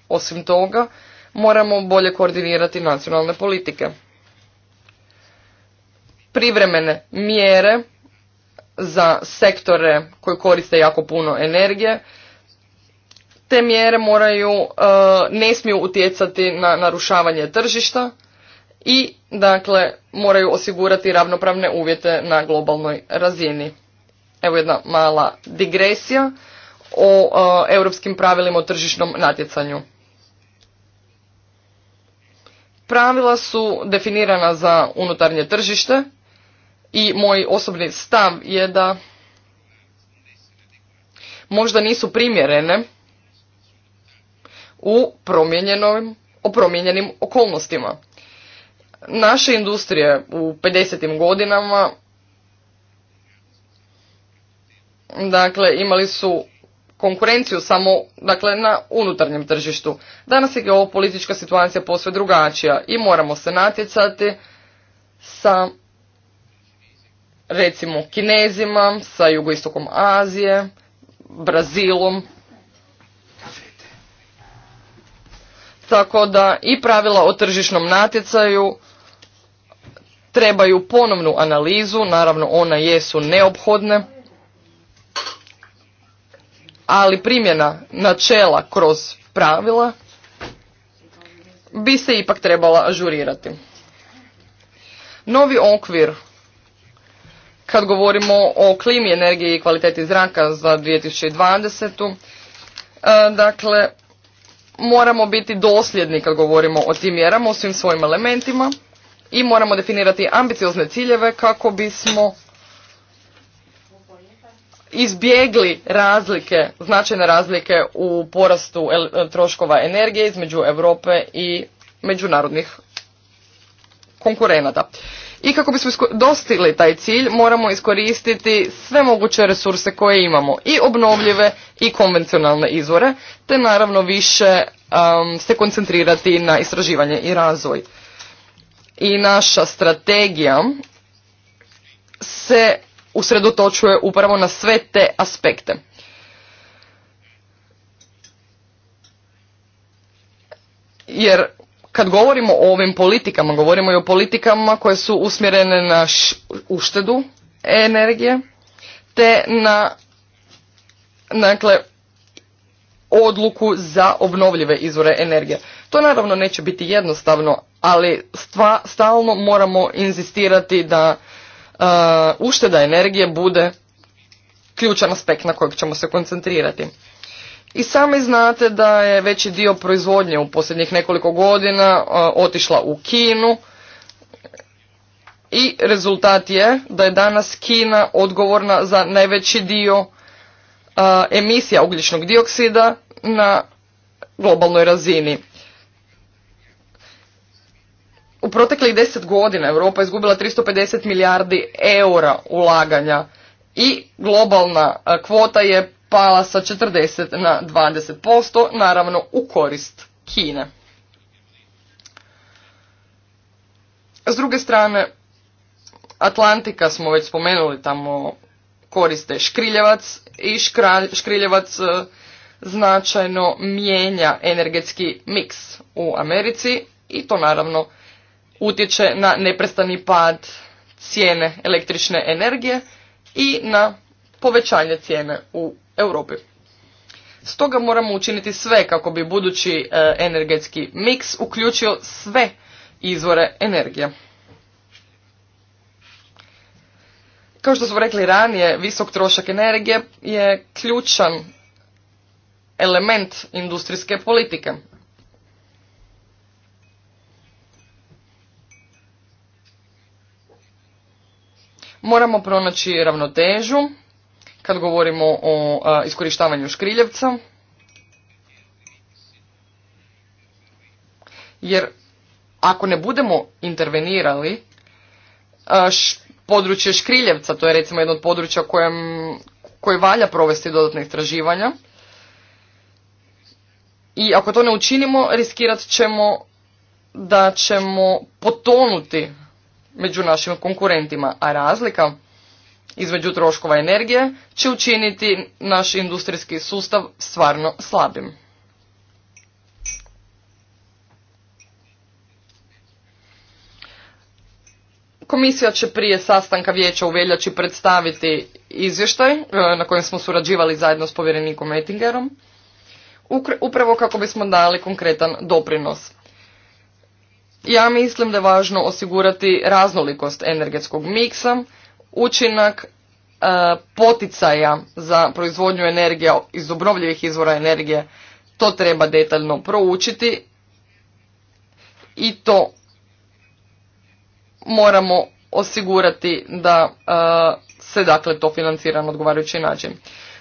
Osim toga, moramo bolje koordinirati nacionalne politike. Privremene mjere za sektore koji koriste jako puno energije, te mjere moraju, e, ne smiju utjecati na narušavanje tržišta i dakle moraju osigurati ravnopravne uvjete na globalnoj razini. Evo jedna mala digresija o europskim pravilima o tržišnom natjecanju. Pravila su definirana za unutarnje tržište i moj osobni stav je da možda nisu primjerene u o promijenjenim okolnostima. Naše industrije u 50. godinama dakle imali su konkurenciju samo dakle, na unutarnjem tržištu. Danas je geopolitička situacija posve drugačija i moramo se natjecati sa recimo Kinezima, sa jugoistokom Azije, Brazilom. Tako da i pravila o tržišnom natjecaju trebaju ponovnu analizu, naravno ona jesu neophodne ali primjena načela kroz pravila bi se ipak trebala ažurirati. Novi okvir, kad govorimo o klimi, energiji i kvaliteti zraka za 2020. E, dakle, moramo biti dosljedni kad govorimo o tim mjerama, o svim svojim elementima i moramo definirati ambiciozne ciljeve kako bismo izbjegli razlike, značajne razlike u porastu e, troškova energije između Europe i međunarodnih konkurenata. I kako bismo dostigli taj cilj, moramo iskoristiti sve moguće resurse koje imamo, i obnovljive i konvencionalne izvore, te naravno više se koncentrirati na istraživanje i razvoj. I naša strategija se usredotočuje upravo na sve te aspekte. Jer kad govorimo o ovim politikama, govorimo i o politikama koje su usmjerene na uštedu energije, te na dakle, odluku za obnovljive izvore energije. To naravno neće biti jednostavno, ali stalno moramo inzistirati da E, ušteda energije bude ključan aspekt na kojeg ćemo se koncentrirati. I sami znate da je veći dio proizvodnje u posljednjih nekoliko godina e, otišla u Kinu i rezultat je da je danas Kina odgovorna za najveći dio e, emisija ugljičnog dioksida na globalnoj razini. U proteklih deset godina Europa je izgubila 350 milijardi eura ulaganja i globalna e, kvota je pala sa 40 na 20%, naravno u korist Kine. S druge strane, Atlantika smo već spomenuli, tamo koriste škriljevac i škriljevac e, značajno mijenja energetski miks u Americi i to naravno utječe na neprestani pad cijene električne energije i na povećanje cijene u Europi. Stoga moramo učiniti sve kako bi budući e, energetski miks uključio sve izvore energije. Kao što smo rekli ranije, visok trošak energije je ključan element industrijske politike, Moramo pronaći ravnotežu kad govorimo o iskorištavanju škriljevca. Jer ako ne budemo intervenirali, područje škriljevca, to je recimo jedno od područja koje valja provesti dodatne istraživanja. I ako to ne učinimo, riskirat ćemo da ćemo potonuti među našim konkurentima, a razlika između troškova energije će učiniti naš industrijski sustav stvarno slabim. Komisija će prije sastanka vijeća u veljači predstaviti izvještaj e, na kojem smo surađivali zajedno s povjerenikom Ettingerom, upravo kako bismo dali konkretan doprinos. Ja mislim da je važno osigurati raznolikost energetskog miksa, učinak e, poticaja za proizvodnju energija iz obnovljivih izvora energije, to treba detaljno proučiti i to moramo osigurati da e, se dakle to financira na odgovarajući način.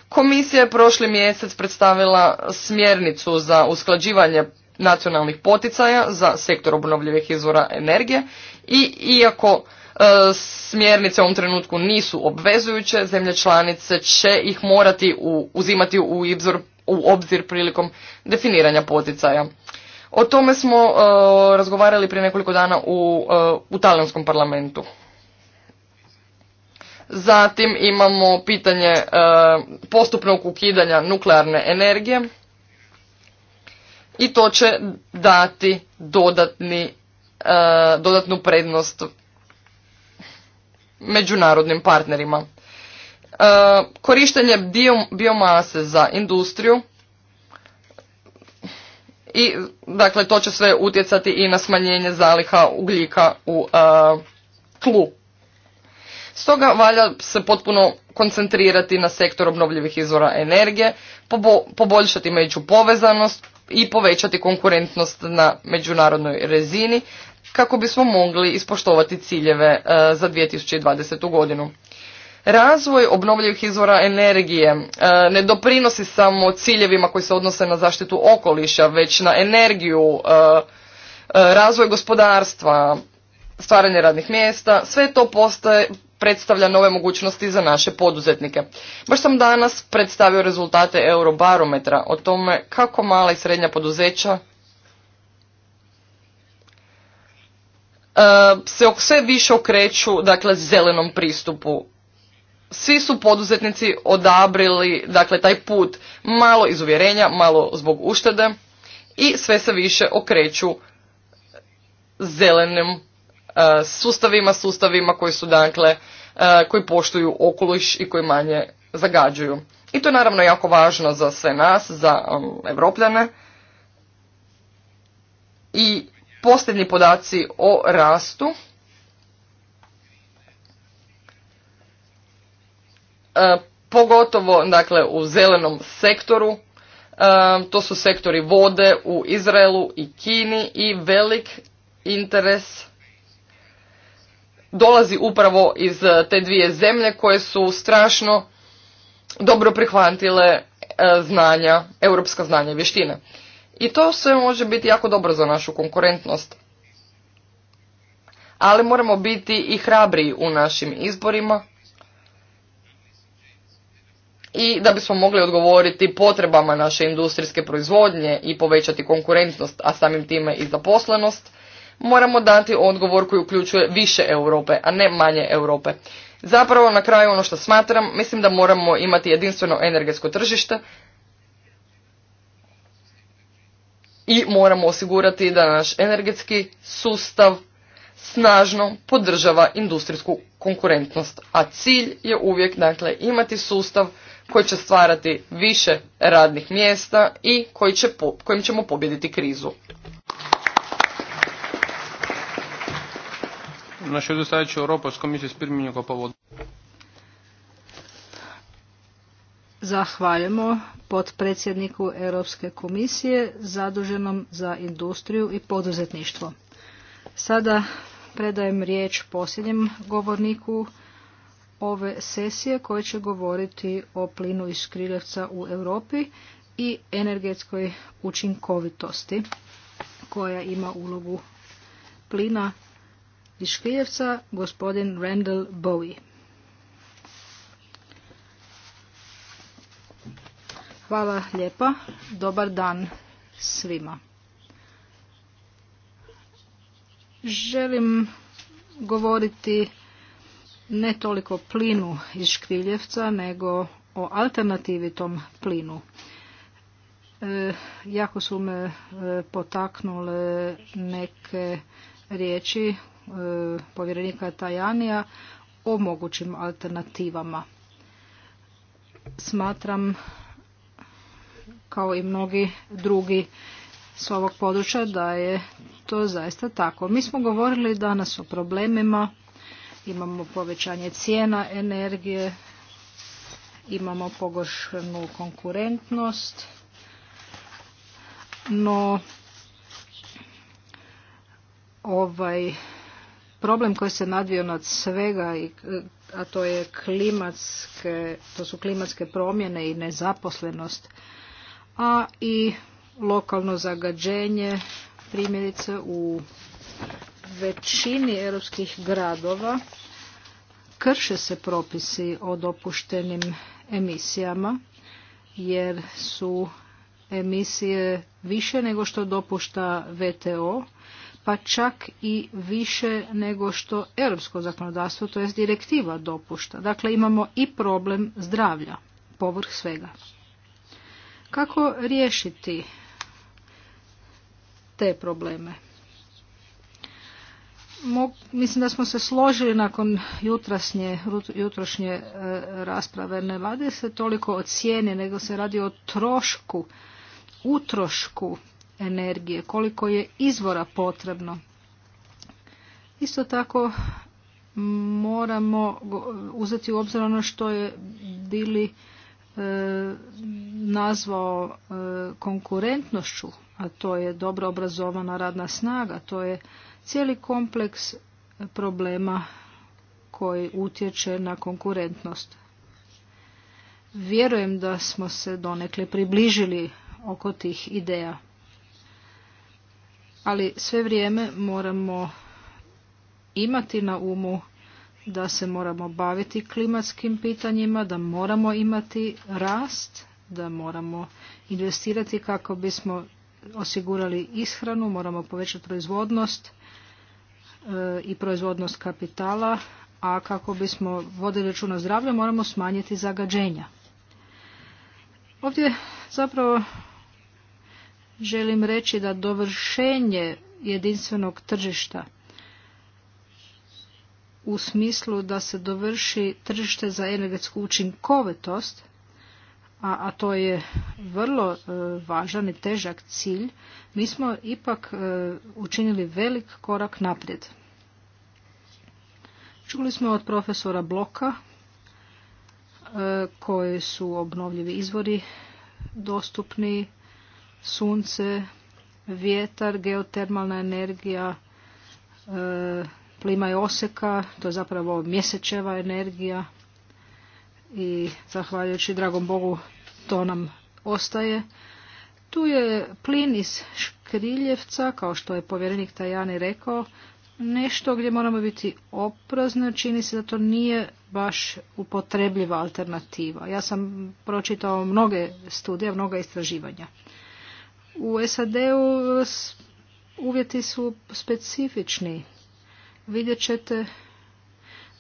Komisija je prošli mjesec predstavila smjernicu za usklađivanje nacionalnih poticaja za sektor obnovljivih izvora energije i iako e, smjernice u ovom trenutku nisu obvezujuće, zemlje članice će ih morati uzimati u, u obzir prilikom definiranja poticaja. O tome smo e, razgovarali prije nekoliko dana u, e, u talijanskom parlamentu. Zatim imamo pitanje postupnog ukidanja nuklearne energije i to će dati dodatni, e, dodatnu prednost međunarodnim partnerima. E, korištenje bio, biomase za industriju i dakle to će sve utjecati i na smanjenje zaliha ugljika u e, tlu. Stoga valja se potpuno koncentrirati na sektor obnovljivih izvora energije, poboljšati među povezanost, i povećati konkurentnost na međunarodnoj rezini kako bismo mogli ispoštovati ciljeve e, za 2020. godinu. Razvoj obnovljivih izvora energije e, ne doprinosi samo ciljevima koji se odnose na zaštitu okoliša, već na energiju, e, razvoj gospodarstva, stvaranje radnih mjesta, sve to postaje, predstavlja nove mogućnosti za naše poduzetnike. Baš sam danas predstavio rezultate Eurobarometra o tome kako mala i srednja poduzeća e, se sve više okreću dakle zelenom pristupu. Svi su poduzetnici odabrili dakle taj put malo iz uvjerenja, malo zbog uštede i sve se više okreću zelenim e, sustavima, sustavima koji su dakle E, koji poštuju okoliš i koji manje zagađuju. I to je naravno jako važno za sve nas, za um, Evropljane. I posljednji podaci o rastu. E, pogotovo dakle, u zelenom sektoru. E, to su sektori vode u Izraelu i Kini i velik interes dolazi upravo iz eh, te dvije zemlje koje su strašno dobro prihvatile eh, znanja, europska znanja i vještine. I to sve može biti jako dobro za našu konkurentnost. Ali moramo biti i hrabriji u našim izborima i da bismo mogli odgovoriti potrebama naše industrijske proizvodnje i povećati konkurentnost, a samim time i zaposlenost, moramo dati odgovor koji uključuje više Europe, a ne manje Europe. Zapravo na kraju ono što smatram, mislim da moramo imati jedinstveno energetsko tržište i moramo osigurati da naš energetski sustav snažno podržava industrijsku konkurentnost, a cilj je uvijek dakle imati sustav koji će stvarati više radnih mjesta i koji će kojim ćemo pobjediti krizu. Nuoširdus ačiū Europos komisijos pirmininko pavadu. Zahvaljamo potpredsjedniku Europske komisije zaduženom za industriju i poduzetništvo. Sada predajem riječ posljednjem govorniku ove sesije koji će govoriti o plinu iz Kriljevca u Europi i energetskoj učinkovitosti koja ima ulogu plina iz Škrijevca, gospodin Randall Bowie. Hvala lijepa, dobar dan svima. Želim govoriti ne toliko plinu iz Škriljevca, nego o alternativi tom plinu. E, jako su me e, potaknule neke riječi povjerenika Tajanija o mogućim alternativama. Smatram kao i mnogi drugi s ovog područja da je to zaista tako. Mi smo govorili danas o problemima, imamo povećanje cijena energije, imamo pogošenu konkurentnost, no ovaj problem koji se nadvio nad svega, a to, je klimatske, to su klimatske promjene i nezaposlenost, a i lokalno zagađenje, primjerice u većini europskih gradova krše se propisi o dopuštenim emisijama jer su emisije više nego što dopušta VTO pa čak i više nego što europsko zakonodavstvo, to jest direktiva dopušta. Dakle, imamo i problem zdravlja, povrh svega. Kako riješiti te probleme? mislim da smo se složili nakon jutrasnje, jutrošnje e, rasprave. Ne radi se toliko o cijeni, nego se radi o trošku, utrošku energije, koliko je izvora potrebno. Isto tako moramo uzeti u obzir ono što je bili e, nazvao e, konkurentnošću, a to je dobro obrazovana radna snaga, to je cijeli kompleks problema koji utječe na konkurentnost. Vjerujem da smo se donekle približili oko tih ideja ali sve vrijeme moramo imati na umu da se moramo baviti klimatskim pitanjima, da moramo imati rast, da moramo investirati kako bismo osigurali ishranu, moramo povećati proizvodnost e, i proizvodnost kapitala, a kako bismo vodili računa zdravlja moramo smanjiti zagađenja. Ovdje zapravo želim reći da dovršenje jedinstvenog tržišta u smislu da se dovrši tržište za energetsku učinkovitost, a, a to je vrlo e, važan i težak cilj, mi smo ipak e, učinili velik korak naprijed. Čuli smo od profesora Bloka e, koji su obnovljivi izvori dostupni sunce, vjetar, geotermalna energija, e, plima i oseka, to je zapravo mjesečeva energija i zahvaljujući dragom Bogu to nam ostaje. Tu je plin iz škriljevca, kao što je povjerenik Tajani rekao, nešto gdje moramo biti oprazni, čini se da to nije baš upotrebljiva alternativa. Ja sam pročitao mnoge studije, mnoga istraživanja. U SAD-u uvjeti su specifični. Vidjet ćete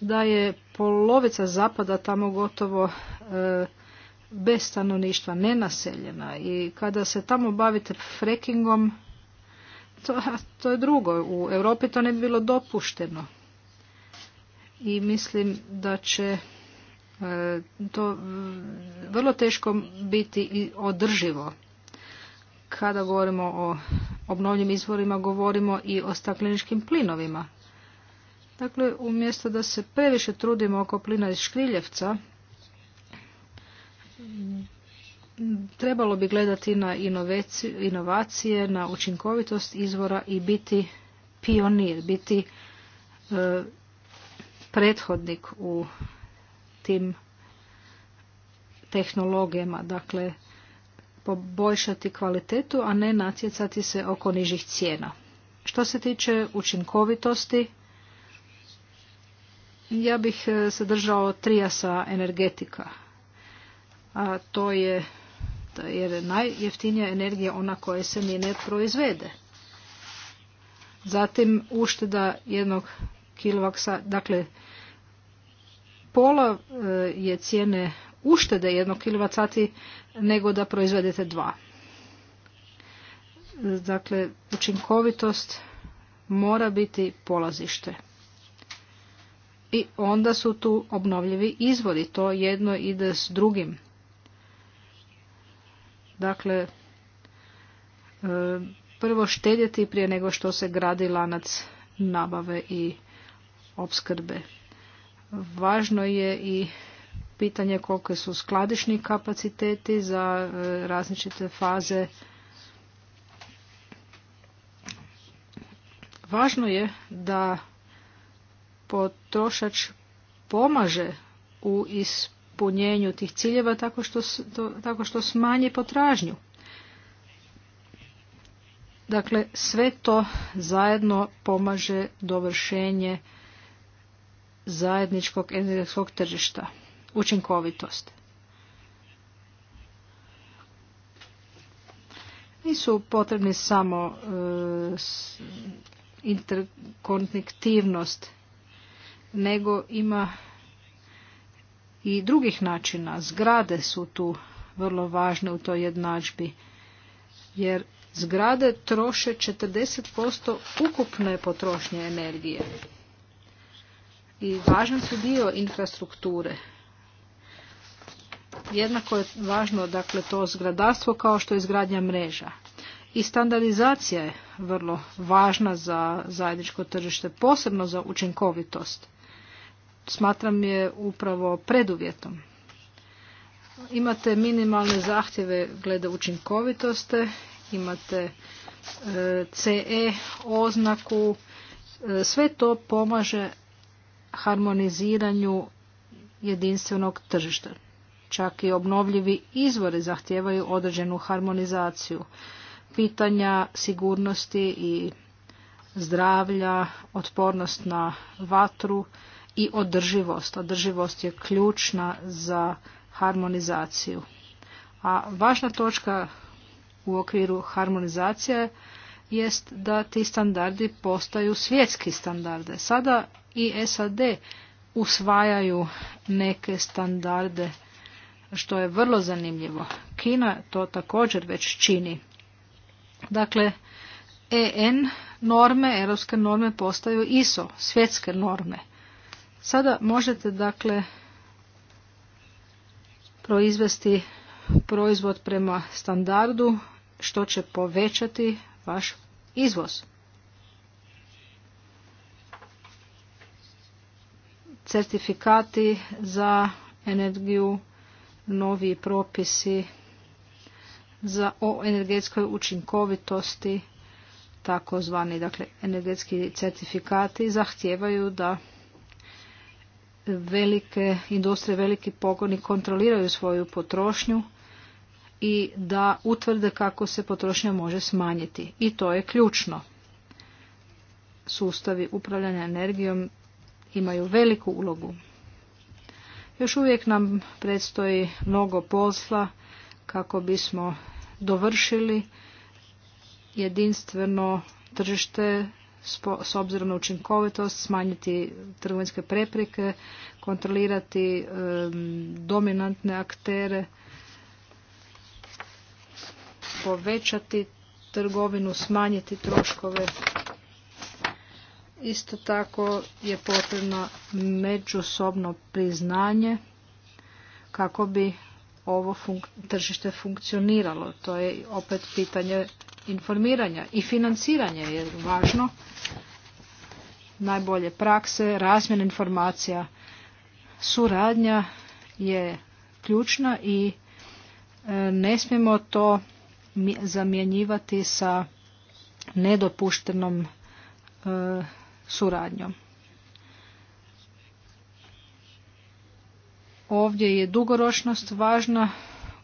da je polovica zapada tamo gotovo e, bez stanovništva, nenaseljena i kada se tamo bavite frekingom, to, to je drugo. U Europi to ne bi bilo dopušteno. I mislim da će e, to vrlo teško biti i održivo. Kada govorimo o obnovljim izvorima, govorimo i o stakleničkim plinovima. Dakle, umjesto da se previše trudimo oko plina iz škriljevca, trebalo bi gledati na inovacije, na učinkovitost izvora i biti pionir, biti e, prethodnik u tim tehnologijama. Dakle, poboljšati kvalitetu, a ne natjecati se oko nižih cijena. Što se tiče učinkovitosti, ja bih e, se držao trijasa energetika. A to je jer najjeftinija energija ona koja se mi ne proizvede. Zatim ušteda jednog kilovaksa, dakle pola e, je cijene uštede jednog kilovat sati nego da proizvedete dva. Dakle, učinkovitost mora biti polazište. I onda su tu obnovljivi izvodi. To jedno ide s drugim. Dakle, e, prvo štedjeti prije nego što se gradi lanac nabave i opskrbe. Važno je i pitanje koliko su skladišni kapaciteti za e, različite faze. Važno je da potrošač pomaže u ispunjenju tih ciljeva tako što, tako što smanji potražnju. Dakle, sve to zajedno pomaže dovršenje zajedničkog energetskog tržišta učinkovitost. Nisu potrebni samo e, interkonektivnost, nego ima i drugih načina. Zgrade su tu vrlo važne u toj jednadžbi, jer zgrade troše 40% ukupne potrošnje energije i važan su dio infrastrukture jednako je važno dakle to zgradarstvo kao što je izgradnja mreža. I standardizacija je vrlo važna za zajedničko tržište, posebno za učinkovitost. Smatram je upravo preduvjetom. Imate minimalne zahtjeve glede učinkovitoste, imate CE e oznaku, e, sve to pomaže harmoniziranju jedinstvenog tržišta čak i obnovljivi izvori zahtijevaju određenu harmonizaciju. Pitanja sigurnosti i zdravlja, otpornost na vatru i održivost. Održivost je ključna za harmonizaciju. A važna točka u okviru harmonizacije jest da ti standardi postaju svjetski standarde. Sada i SAD usvajaju neke standarde što je vrlo zanimljivo. Kina to također već čini. Dakle, EN norme, europske norme postaju ISO, svjetske norme. Sada možete dakle proizvesti proizvod prema standardu što će povećati vaš izvoz. Certifikati za energiju novi propisi za o energetskoj učinkovitosti takozvani dakle energetski certifikati zahtijevaju da velike industrije, veliki pogoni kontroliraju svoju potrošnju i da utvrde kako se potrošnja može smanjiti. I to je ključno. Sustavi upravljanja energijom imaju veliku ulogu još uvijek nam predstoji mnogo posla kako bismo dovršili jedinstveno tržište s obzirom na učinkovitost, smanjiti trgovinske prepreke, kontrolirati dominantne aktere, povećati trgovinu, smanjiti troškove Isto tako je potrebno međusobno priznanje kako bi ovo tržište funkcioniralo. To je opet pitanje informiranja i financiranje je važno. Najbolje prakse, razmjena informacija, suradnja je ključna i e, ne smijemo to zamjenjivati sa nedopuštenom e, suradnjom. Ovdje je dugoročnost važna,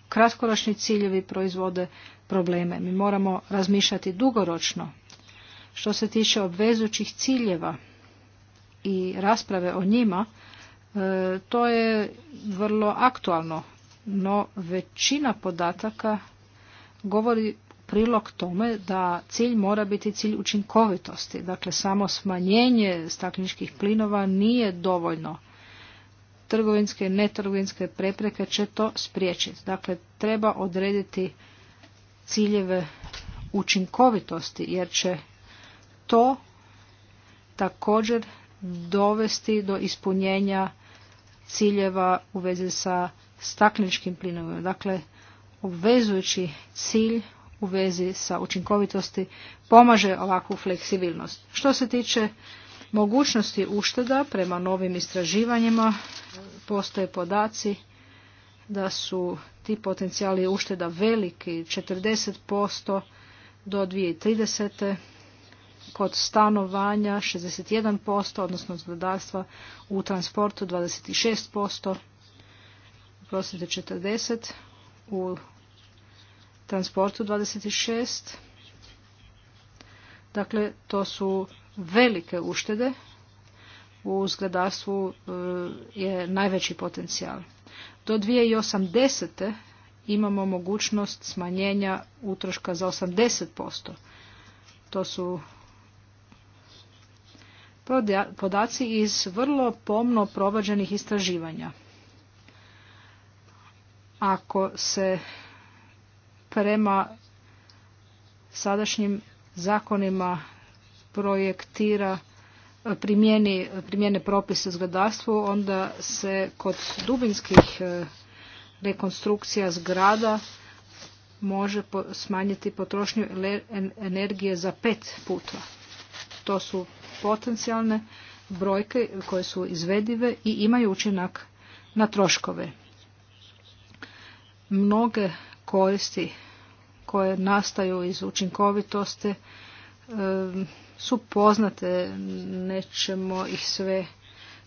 kratkoročni ciljevi proizvode probleme. Mi moramo razmišljati dugoročno što se tiče obvezućih ciljeva i rasprave o njima, e, to je vrlo aktualno, no većina podataka govori prilog tome da cilj mora biti cilj učinkovitosti. Dakle, samo smanjenje stakleničkih plinova nije dovoljno. Trgovinske i netrgovinske prepreke će to spriječiti. Dakle, treba odrediti ciljeve učinkovitosti jer će to također dovesti do ispunjenja ciljeva u vezi sa stakleničkim plinovima. Dakle, obvezujući cilj u vezi sa učinkovitosti pomaže ovakvu fleksibilnost. Što se tiče mogućnosti ušteda prema novim istraživanjima postoje podaci da su ti potencijali ušteda veliki 40% do 2030. kod stanovanja 61% odnosno zgradarstva u transportu 26% prosite 40 u transportu 26. Dakle, to su velike uštede. U zgradarstvu e, je najveći potencijal. Do 2080. imamo mogućnost smanjenja utroška za 80%. To su podaci iz vrlo pomno provođenih istraživanja. Ako se prema sadašnjim zakonima projektira primjeni, primjene propise zgradarstvu, onda se kod dubinskih e, rekonstrukcija zgrada može smanjiti potrošnju energije za pet puta. To su potencijalne brojke koje su izvedive i imaju učinak na troškove. Mnoge koristi koje nastaju iz učinkovitosti e, su poznate, nećemo ih sve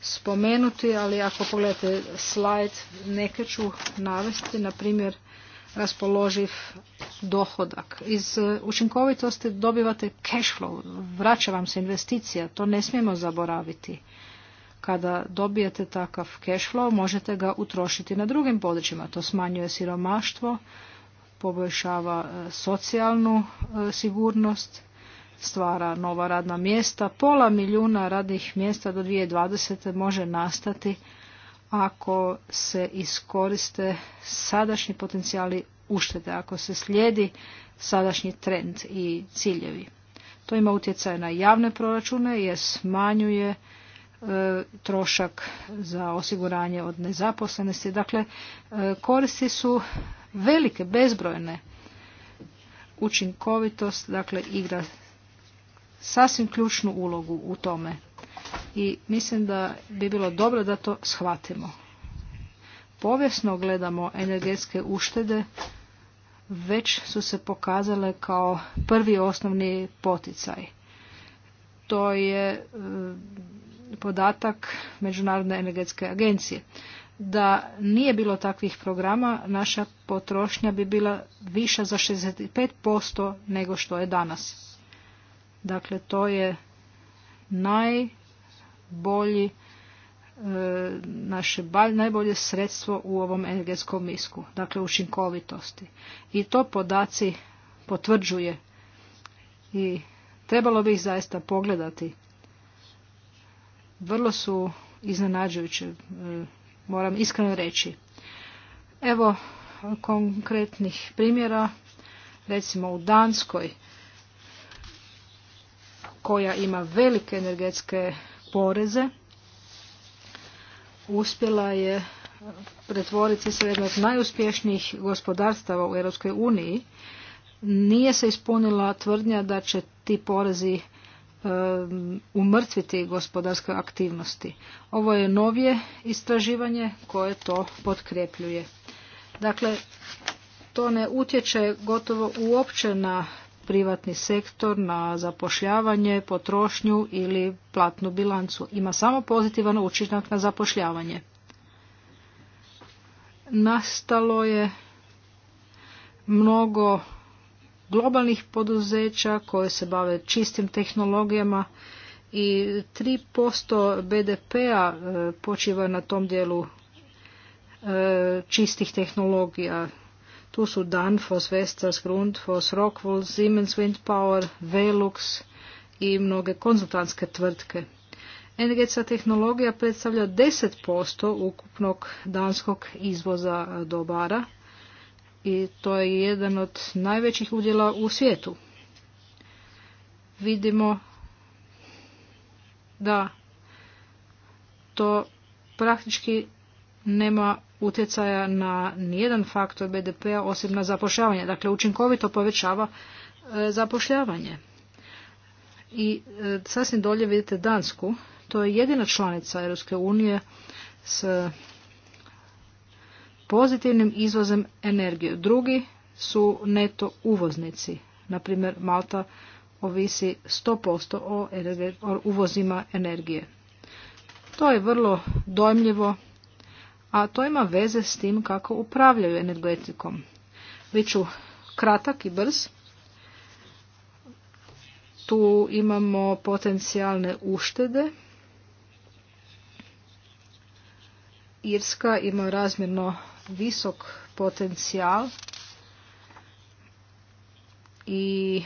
spomenuti, ali ako pogledate slajd, neke ću navesti, na primjer, raspoloživ dohodak. Iz e, učinkovitosti dobivate cash flow, vraća vam se investicija, to ne smijemo zaboraviti. Kada dobijete takav cash flow, možete ga utrošiti na drugim područjima, to smanjuje siromaštvo, poboljšava e, socijalnu e, sigurnost, stvara nova radna mjesta. Pola milijuna radnih mjesta do 2020. može nastati ako se iskoriste sadašnji potencijali uštede, ako se slijedi sadašnji trend i ciljevi. To ima utjecaj na javne proračune jer smanjuje e, trošak za osiguranje od nezaposlenosti. Dakle, koristi su velike, bezbrojne učinkovitost, dakle igra sasvim ključnu ulogu u tome. I mislim da bi bilo dobro da to shvatimo. Povijesno gledamo energetske uštede, već su se pokazale kao prvi osnovni poticaj. To je eh, podatak Međunarodne energetske agencije da nije bilo takvih programa, naša potrošnja bi bila viša za 65% nego što je danas. Dakle, to je najbolji e, naše najbolje sredstvo u ovom energetskom misku, dakle učinkovitosti. I to podaci potvrđuje i trebalo bi ih zaista pogledati. Vrlo su iznenađujuće e, moram iskreno reći. Evo konkretnih primjera, recimo u Danskoj koja ima velike energetske poreze, uspjela je pretvoriti se u od najuspješnijih gospodarstava u Europskoj uniji, nije se ispunila tvrdnja da će ti porezi Um, umrtviti gospodarske aktivnosti. Ovo je novije istraživanje koje to potkrepljuje. Dakle, to ne utječe gotovo uopće na privatni sektor, na zapošljavanje, potrošnju ili platnu bilancu. Ima samo pozitivan učinak na zapošljavanje. Nastalo je mnogo globalnih poduzeća koje se bave čistim tehnologijama i 3% BDP-a e, počiva na tom dijelu e, čistih tehnologija. Tu su Danfoss, Vestas, Grundfoss, Rockwool, Siemens Windpower, Velux i mnoge konzultantske tvrtke. Energetska tehnologija predstavlja 10% ukupnog danskog izvoza dobara i to je jedan od najvećih udjela u svijetu. Vidimo da to praktički nema utjecaja na nijedan faktor BDP-a osim na zapošljavanje. Dakle, učinkovito povećava e, zapošljavanje. I e, sasvim dolje vidite Dansku. To je jedina članica Europske unije s pozitivnim izvozem energije. Drugi su neto uvoznici. Naprimjer, Malta ovisi 100% o, uvozima energije. To je vrlo dojmljivo, a to ima veze s tim kako upravljaju energetikom. Biću kratak i brz. Tu imamo potencijalne uštede. Irska ima razmjerno visok potencijal i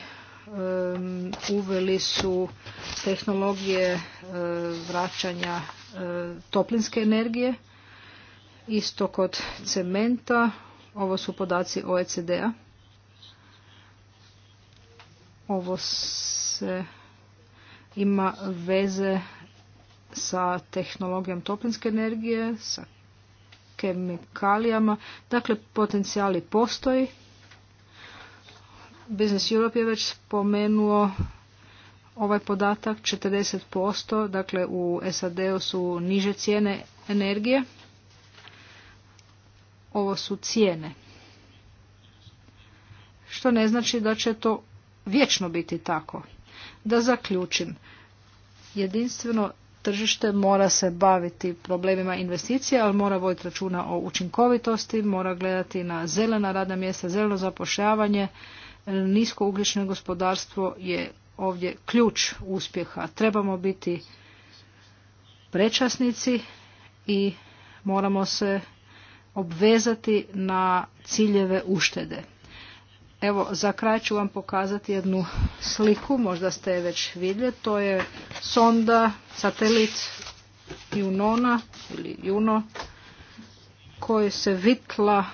uveli su tehnologije eh, vraćanja eh, toplinske energije isto kod cementa ovo su podaci OECD-a ovo se ima veze sa tehnologijom toplinske energije, sa kemikalijama. Dakle, potencijali postoji. Business Europe je već spomenuo ovaj podatak 40%, dakle u SAD-u su niže cijene energije. Ovo su cijene. Što ne znači da će to vječno biti tako. Da zaključim, jedinstveno tržište mora se baviti problemima investicija, ali mora voditi računa o učinkovitosti, mora gledati na zelena radna mjesta, zeleno zapošljavanje, nisko ugljično gospodarstvo je ovdje ključ uspjeha. Trebamo biti prečasnici i moramo se obvezati na ciljeve uštede. Evo, za kraj ću vam pokazati jednu sliku, možda ste je već vidjeli. To je sonda, satelit Junona ili Juno koji se vitla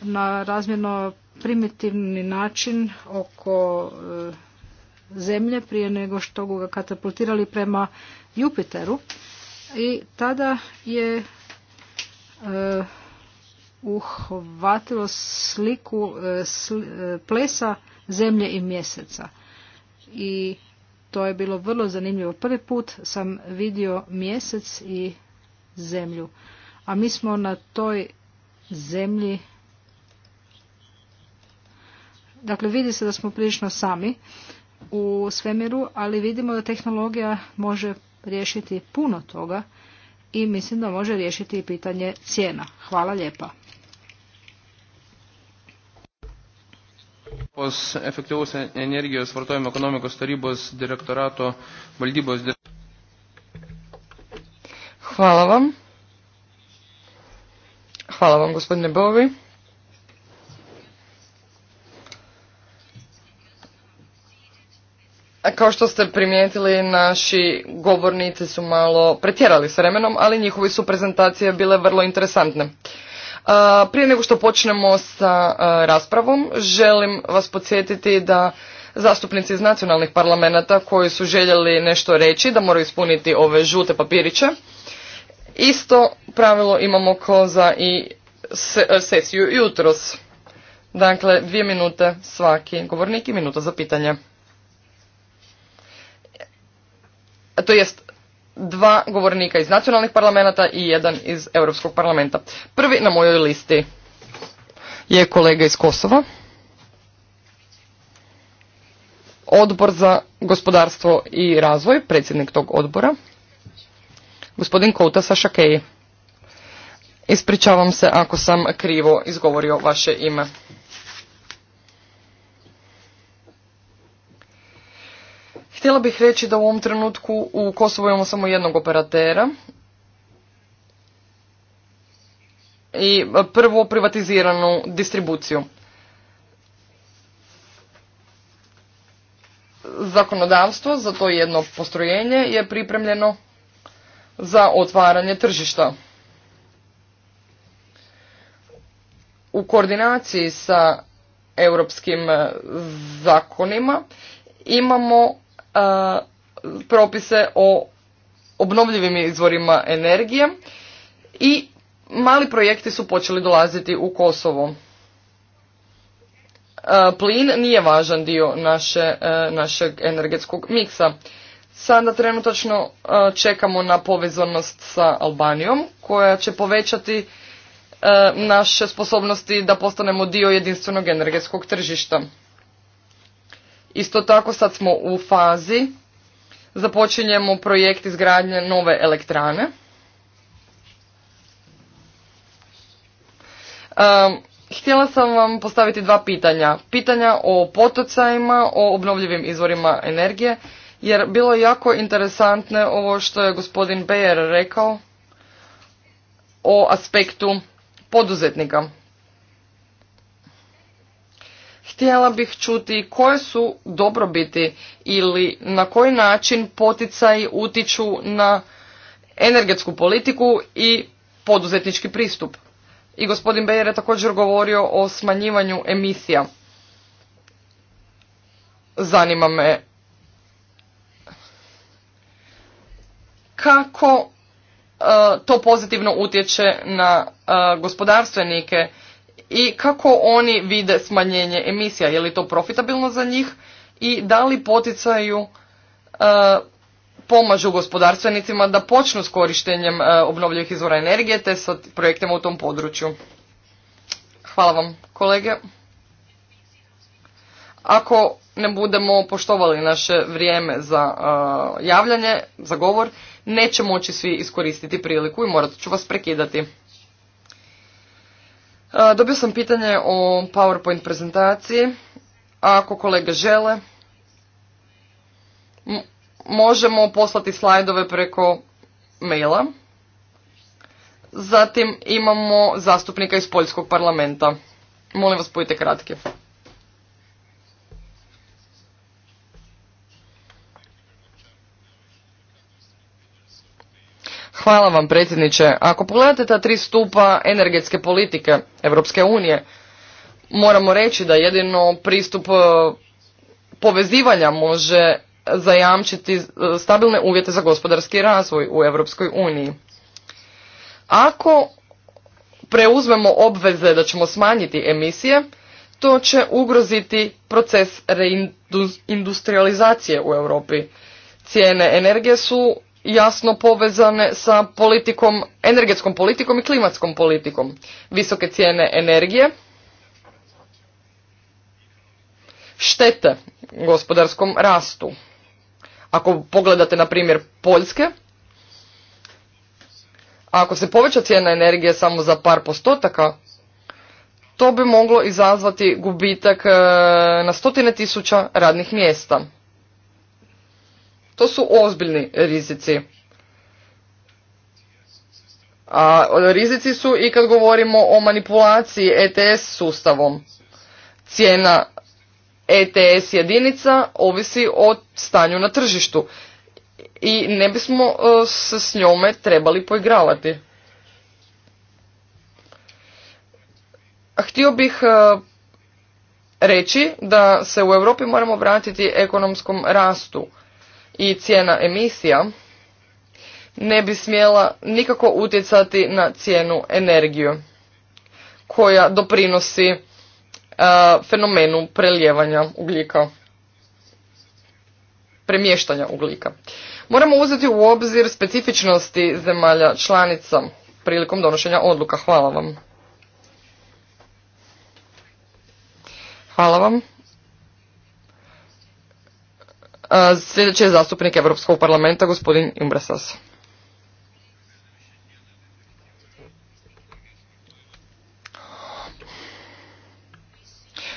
na razmjerno primitivni način oko e, zemlje prije nego što ga katapultirali prema Jupiteru i tada je e, uhvatilo sliku e, e, plesa zemlje i mjeseca. I to je bilo vrlo zanimljivo. Prvi put sam vidio mjesec i zemlju. A mi smo na toj zemlji Dakle, vidi se da smo prilično sami u svemiru, ali vidimo da tehnologija može riješiti puno toga i mislim da može riješiti i pitanje cijena. Hvala lijepa. Europos efektyvaus energijos vartojimo ekonomikos tarybos direktorato valdybos. Hvala vam. Hvala vam gospodine Bovi. Kao što ste primijetili, naši govornici su malo pretjerali s vremenom, ali njihovi su prezentacije bile vrlo interesantne. Prije nego što počnemo sa raspravom, želim vas podsjetiti da zastupnici iz nacionalnih parlamenta koji su željeli nešto reći, da moraju ispuniti ove žute papiriće. Isto pravilo imamo kao za i e, sesiju jutros. Dakle, dvije minute svaki govornik i minuta za pitanje. E, to jest dva govornika iz nacionalnih parlamenta i jedan iz Europskog parlamenta. Prvi na mojoj listi je kolega iz Kosova. Odbor za gospodarstvo i razvoj, predsjednik tog odbora, gospodin Kouta Sašakeji. Ispričavam se ako sam krivo izgovorio vaše ime. Htjela bih reći da u ovom trenutku u Kosovu imamo samo jednog operatera i prvo privatiziranu distribuciju. Zakonodavstvo za to jedno postrojenje je pripremljeno za otvaranje tržišta. U koordinaciji sa europskim zakonima imamo E, propise o obnovljivim izvorima energije i mali projekti su počeli dolaziti u Kosovo. E, plin nije važan dio naše, e, našeg energetskog miksa. Sada trenutačno čekamo na povezanost sa Albanijom koja će povećati naše sposobnosti da postanemo dio jedinstvenog energetskog tržišta. Isto tako sad smo u fazi, započinjemo projekt izgradnje nove elektrane. htjela sam vam postaviti dva pitanja. Pitanja o potocajima, o obnovljivim izvorima energije, jer bilo je jako interesantno ovo što je gospodin Bejer rekao o aspektu poduzetnika htjela bih čuti koje su dobrobiti ili na koji način poticaji utiču na energetsku politiku i poduzetnički pristup. I gospodin Bejer je također govorio o smanjivanju emisija. Zanima me kako e, to pozitivno utječe na e, gospodarstvenike i kako oni vide smanjenje emisija, je li to profitabilno za njih i da li poticaju e, pomažu gospodarstvenicima da počnu s korištenjem e, obnovljivih izvora energije te sa projektima u tom području. Hvala vam kolege. Ako ne budemo poštovali naše vrijeme za e, javljanje, za govor, neće moći svi iskoristiti priliku i morat ću vas prekidati. Dobio sam pitanje o PowerPoint prezentaciji. Ako kolege žele, možemo poslati slajdove preko maila. Zatim imamo zastupnika iz Poljskog parlamenta. Molim vas, budite kratki. Hvala vam predsjedniče. Ako pogledate ta tri stupa energetske politike Europske unije, moramo reći da jedino pristup e, povezivanja može zajamčiti e, stabilne uvjete za gospodarski razvoj u Europskoj uniji. Ako preuzmemo obveze da ćemo smanjiti emisije, to će ugroziti proces reindustrializacije u Europi. Cijene energije su jasno povezane sa politikom, energetskom politikom i klimatskom politikom. Visoke cijene energije štete gospodarskom rastu. Ako pogledate na primjer Poljske, ako se poveća cijena energije samo za par postotaka, to bi moglo izazvati gubitak e, na stotine tisuća radnih mjesta. To su ozbiljni rizici. A rizici su i kad govorimo o manipulaciji ETS sustavom. Cijena ETS jedinica ovisi o stanju na tržištu i ne bismo e, se s njome trebali poigravati. Htio bih e, reći da se u Europi moramo vratiti ekonomskom rastu i cijena emisija ne bi smjela nikako utjecati na cijenu energiju koja doprinosi e, fenomenu prelijevanja ugljika, premještanja ugljika. Moramo uzeti u obzir specifičnosti zemalja članica prilikom donošenja odluka. Hvala vam. Hvala vam. Sljedeći je zastupnik Europskog parlamenta, gospodin Imbrasas.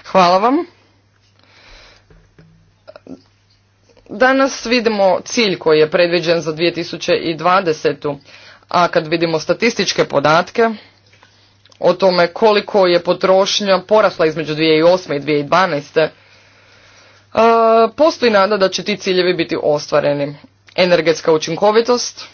Hvala vam. Danas vidimo cilj koji je predviđen za 2020. A kad vidimo statističke podatke o tome koliko je potrošnja porasla između 2008. i 2012 postoji nada da će ti ciljevi biti ostvareni. Energetska učinkovitost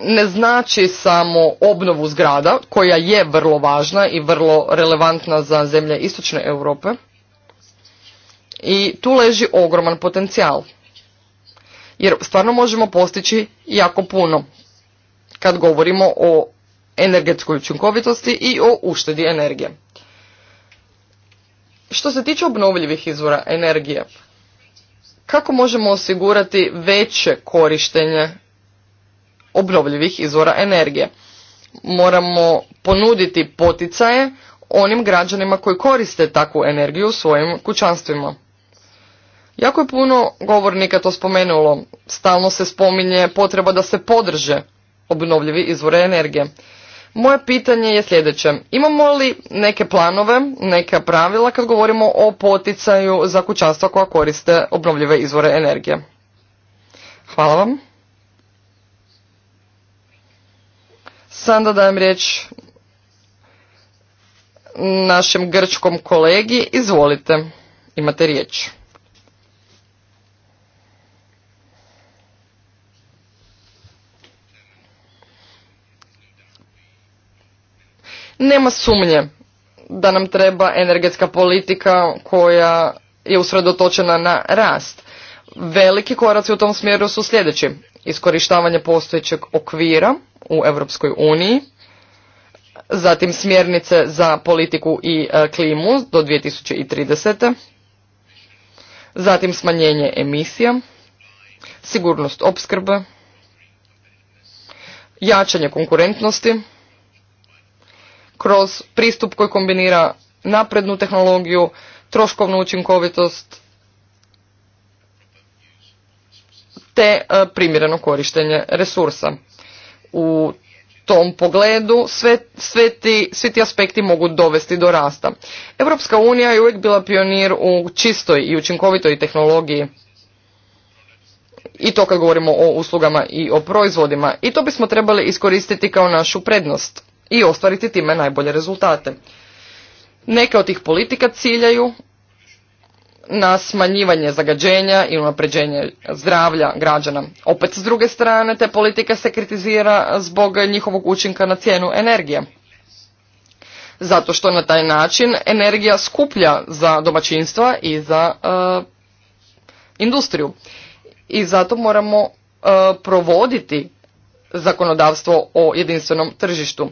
ne znači samo obnovu zgrada, koja je vrlo važna i vrlo relevantna za zemlje istočne Europe. I tu leži ogroman potencijal. Jer stvarno možemo postići jako puno kad govorimo o energetskoj učinkovitosti i o uštedi energije. Što se tiče obnovljivih izvora energije, kako možemo osigurati veće korištenje obnovljivih izvora energije? Moramo ponuditi poticaje onim građanima koji koriste takvu energiju u svojim kućanstvima. Jako je puno govornika to spomenulo. Stalno se spominje potreba da se podrže obnovljivi izvore energije. Moje pitanje je sljedeće. Imamo li neke planove, neka pravila kad govorimo o poticaju za kućanstva koja koriste obnovljive izvore energije? Hvala vam. Sada dajem riječ našem grčkom kolegi. Izvolite, imate riječ. Nema sumnje da nam treba energetska politika koja je usredotočena na rast. Veliki koraci u tom smjeru su sljedeći. Iskorištavanje postojećeg okvira u Europskoj uniji, zatim smjernice za politiku i e, klimu do 2030. Zatim smanjenje emisija, sigurnost opskrbe, jačanje konkurentnosti, kroz pristup koji kombinira naprednu tehnologiju, troškovnu učinkovitost te e, primjereno korištenje resursa. U tom pogledu sve, sve ti, svi ti aspekti mogu dovesti do rasta. Europska unija je uvijek bila pionir u čistoj i učinkovitoj tehnologiji. I to kad govorimo o uslugama i o proizvodima. I to bismo trebali iskoristiti kao našu prednost i ostvariti time najbolje rezultate. Neke od tih politika ciljaju na smanjivanje zagađenja i unapređenje zdravlja građana. Opet s druge strane te politika se kritizira zbog njihovog učinka na cijenu energije. Zato što na taj način energija skuplja za domaćinstva i za e, industriju. I zato moramo e, provoditi zakonodavstvo o jedinstvenom tržištu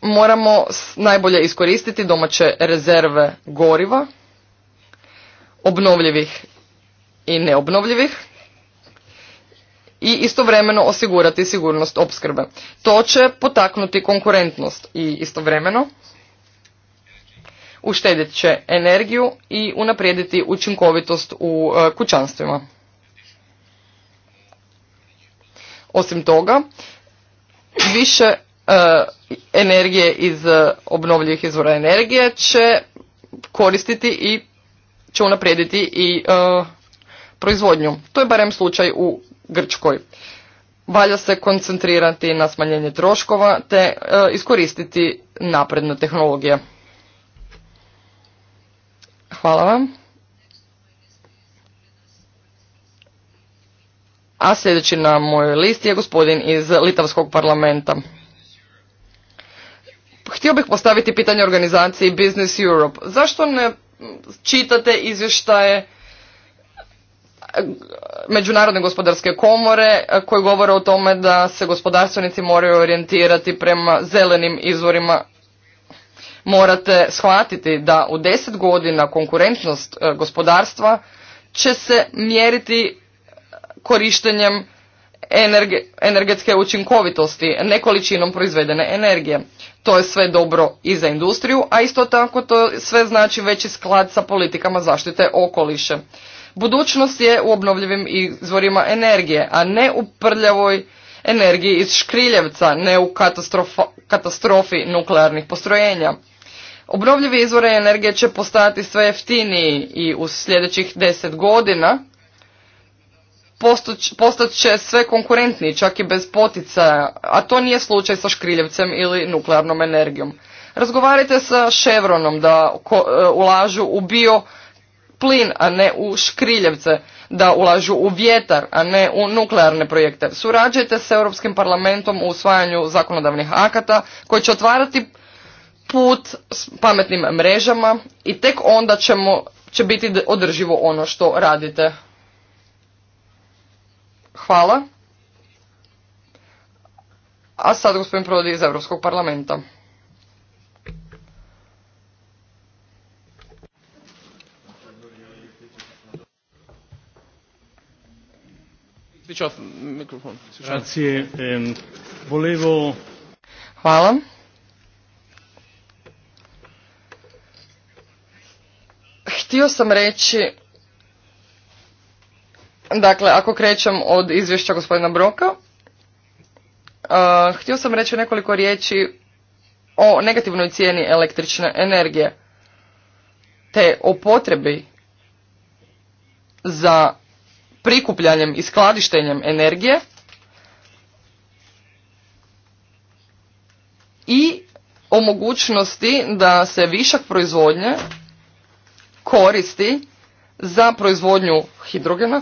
moramo najbolje iskoristiti domaće rezerve goriva, obnovljivih i neobnovljivih, i istovremeno osigurati sigurnost opskrbe. To će potaknuti konkurentnost i istovremeno uštedit će energiju i unaprijediti učinkovitost u e, kućanstvima. Osim toga, više E, energije iz e, obnovljivih izvora energije će koristiti i će unaprijediti i e, proizvodnju. To je barem slučaj u Grčkoj. Valja se koncentrirati na smanjenje troškova te iskoristiti napredne tehnologije. Hvala vam. A sljedeći na mojoj listi je gospodin iz Litavskog parlamenta htio bih postaviti pitanje organizaciji Business Europe. Zašto ne čitate izvještaje e, Međunarodne gospodarske komore e, koji govore o tome da se gospodarstvenici moraju orijentirati prema zelenim izvorima. Morate shvatiti da u deset godina konkurentnost e, gospodarstva će se mjeriti korištenjem energetske učinkovitosti, nekoličinom proizvedene energije. To je sve dobro i za industriju, a isto tako to sve znači veći sklad sa politikama zaštite okoliše. Budućnost je u obnovljivim izvorima energije, a ne u prljavoj energiji iz škriljevca, ne u katastrofi nuklearnih postrojenja. Obnovljivi izvore energije će postati sve jeftiniji i u sljedećih deset godina postat će sve konkurentniji čak i bez poticaja, a to nije slučaj sa škriljevcem ili nuklearnom energijom. Razgovarajte sa Ševronom da e, ulažu u bio plin, a ne u škriljevce, da ulažu u vjetar, a ne u nuklearne projekte. Surađajte s Europskim parlamentom u usvajanju zakonodavnih akata koji će otvarati put s pametnim mrežama i tek onda ćemo, će biti održivo ono što radite Hvala. A sad gospodin Prodi iz Europskog parlamenta. Ehm, Hvala. Htio sam reći Dakle, ako krećem od izvješća gospodina Broka, htio sam reći nekoliko riječi o negativnoj cijeni električne energije, te o potrebi za prikupljanjem i skladištenjem energije i o mogućnosti da se višak proizvodnje koristi za proizvodnju hidrogena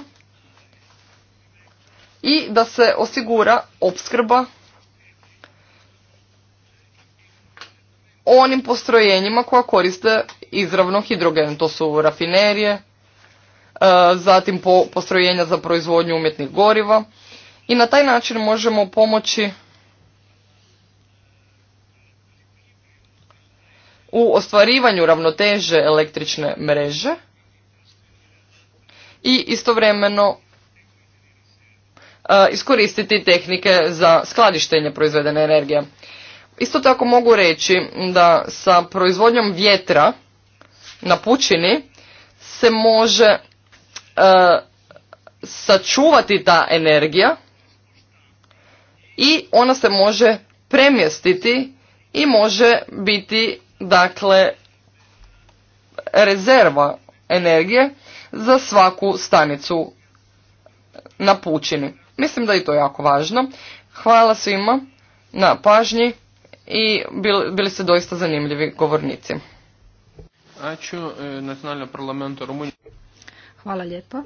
i da se osigura opskrba onim postrojenjima koja koriste izravno hidrogen. To su rafinerije, e, zatim postrojenja za proizvodnju umjetnih goriva i na taj način možemo pomoći u ostvarivanju ravnoteže električne mreže i istovremeno Eh, iskoristiti tehnike za skladištenje proizvedene energije. Isto tako mogu reći da sa proizvodnjom vjetra na pučini se može eh, sačuvati ta energija i ona se može premjestiti i može biti dakle rezerva energije za svaku stanicu na pučini. Mislim da je to jako važno. Hvala svima na pažnji i bili, ste doista zanimljivi govornici. E, Hvala lijepa.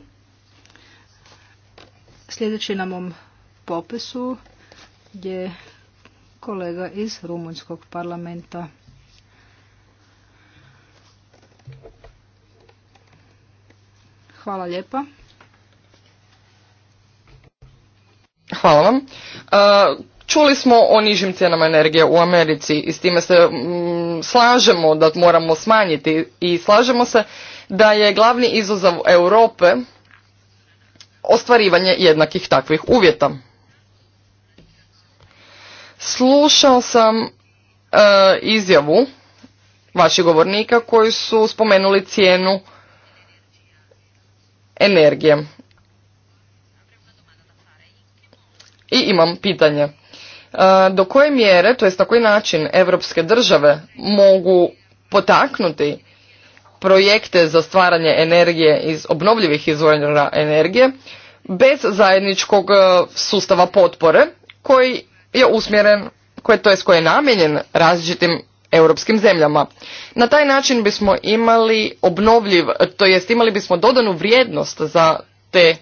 Sljedeći na mom popisu je kolega iz Rumunjskog parlamenta. Hvala lijepa. Hvala vam. E, čuli smo o nižim cijenama energije u Americi i s time se mm, slažemo da moramo smanjiti i slažemo se da je glavni izazov Europe ostvarivanje jednakih takvih uvjeta. Slušao sam e, izjavu vaših govornika koji su spomenuli cijenu energije. I imam pitanje. E, do koje mjere, to jest na koji način evropske države mogu potaknuti projekte za stvaranje energije iz obnovljivih izvora energije bez zajedničkog e, sustava potpore koji je usmjeren, koji, to jest koji je namijenjen različitim europskim zemljama. Na taj način bismo imali obnovljiv, to jest imali bismo dodanu vrijednost za te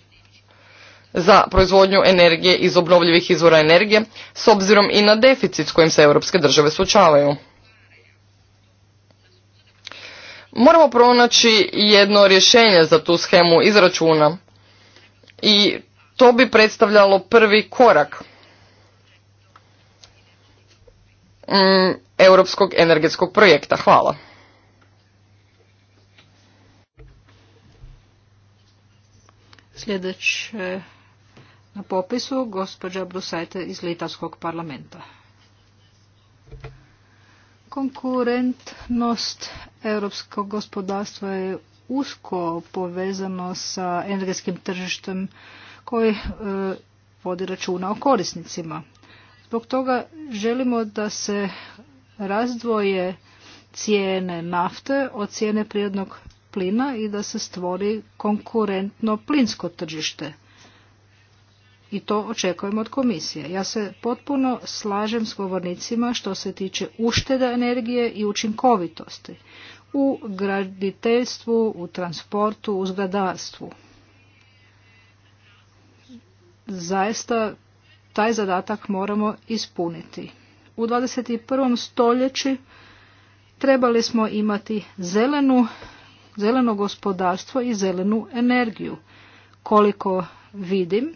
za proizvodnju energije iz obnovljivih izvora energije s obzirom i na deficit s kojim se europske države suočavaju. Moramo pronaći jedno rješenje za tu schemu izračuna i to bi predstavljalo prvi korak mm, europskog energetskog projekta. Hvala. Sljedeće na popisu gospođa Brusajte iz Litavskog parlamenta. Konkurentnost europskog gospodarstva je usko povezano sa energetskim tržištem koji e, vodi računa o korisnicima. Zbog toga želimo da se razdvoje cijene nafte od cijene prirodnog plina i da se stvori konkurentno plinsko tržište i to očekujemo od komisije. Ja se potpuno slažem s govornicima što se tiče ušteda energije i učinkovitosti u graditeljstvu, u transportu, u zgradarstvu. Zaista taj zadatak moramo ispuniti. U 21. stoljeći trebali smo imati zelenu, zeleno gospodarstvo i zelenu energiju. Koliko vidim,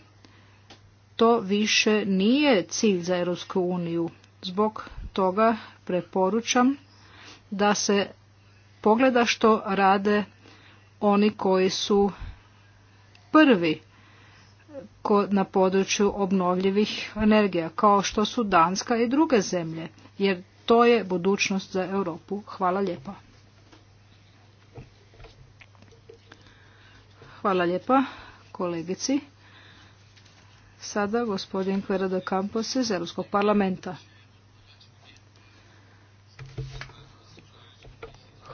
to više nije cilj za Europsku uniju. Zbog toga preporučam da se pogleda što rade oni koji su prvi na području obnovljivih energija, kao što su Danska i druge zemlje, jer to je budućnost za Europu. Hvala lijepa. Hvala lijepa kolegici. Sada gospodin Quero de Campos iz Europskog parlamenta.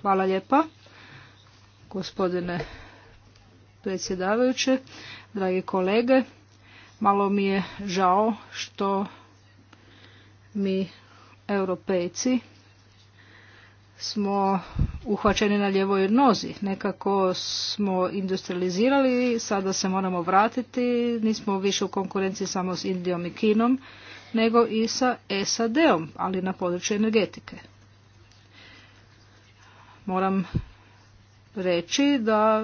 Hvala lijepa, gospodine predsjedavajuće, dragi kolege. Malo mi je žao što mi europejci smo uhvaćeni na ljevoj nozi. Nekako smo industrializirali, sada se moramo vratiti, nismo više u konkurenciji samo s Indijom i Kinom, nego i sa SAD-om, ali na području energetike. Moram reći da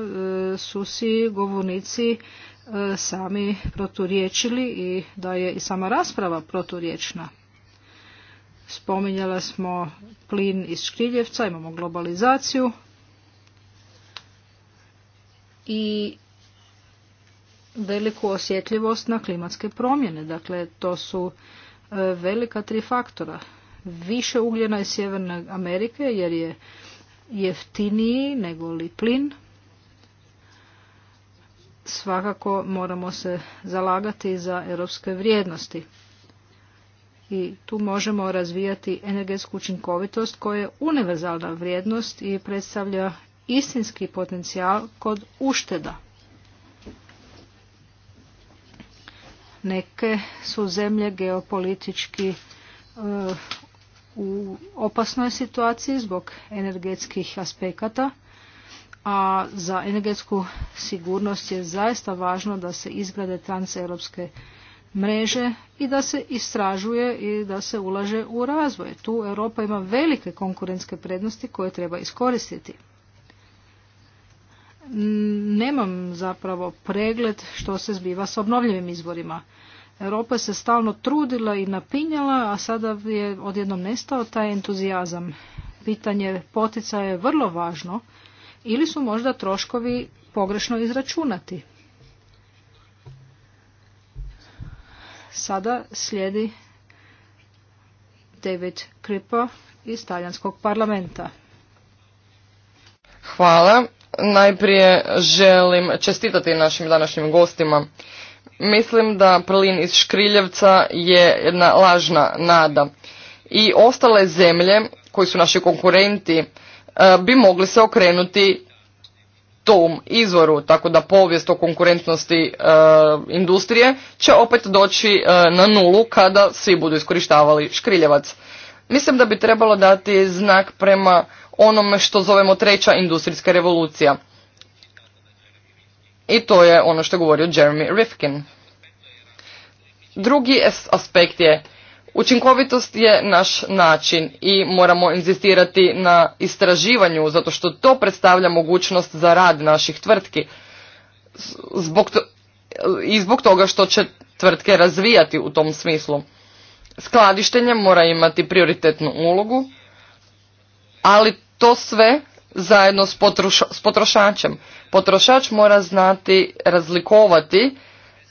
e, su si govornici e, sami proturječili i da je i sama rasprava proturječna spominjala smo plin iz Škriljevca, imamo globalizaciju i veliku osjetljivost na klimatske promjene. Dakle, to su e, velika tri faktora. Više ugljena iz Sjeverne Amerike jer je jeftiniji nego li plin. Svakako moramo se zalagati za europske vrijednosti i tu možemo razvijati energetsku učinkovitost koja je univerzalna vrijednost i predstavlja istinski potencijal kod ušteda. Neke su zemlje geopolitički e, u opasnoj situaciji zbog energetskih aspekata, a za energetsku sigurnost je zaista važno da se izgrade transeuropske mreže i da se istražuje i da se ulaže u razvoj. Tu Europa ima velike konkurentske prednosti koje treba iskoristiti. Nemam zapravo pregled što se zbiva s obnovljivim izvorima. Europa se stalno trudila i napinjala, a sada je odjednom nestao taj entuzijazam. Pitanje potica je vrlo važno ili su možda troškovi pogrešno izračunati. Sada slijedi David Kripo iz Talijanskog parlamenta. Hvala. Najprije želim čestitati našim današnjim gostima. Mislim da plin iz Škriljevca je jedna lažna nada. I ostale zemlje koji su naši konkurenti eh, bi mogli se okrenuti tom izvoru, tako da povijest o konkurentnosti e, industrije će opet doći e, na nulu kada svi budu iskorištavali škriljevac. Mislim da bi trebalo dati znak prema onome što zovemo treća industrijska revolucija. I to je ono što je govorio Jeremy Rifkin. Drugi aspekt je Učinkovitost je naš način i moramo inzistirati na istraživanju zato što to predstavlja mogućnost za rad naših tvrtki. Zbog I zbog toga što će tvrtke razvijati u tom smislu. Skladištenje mora imati prioritetnu ulogu, ali to sve zajedno s, s potrošačem. Potrošač mora znati razlikovati,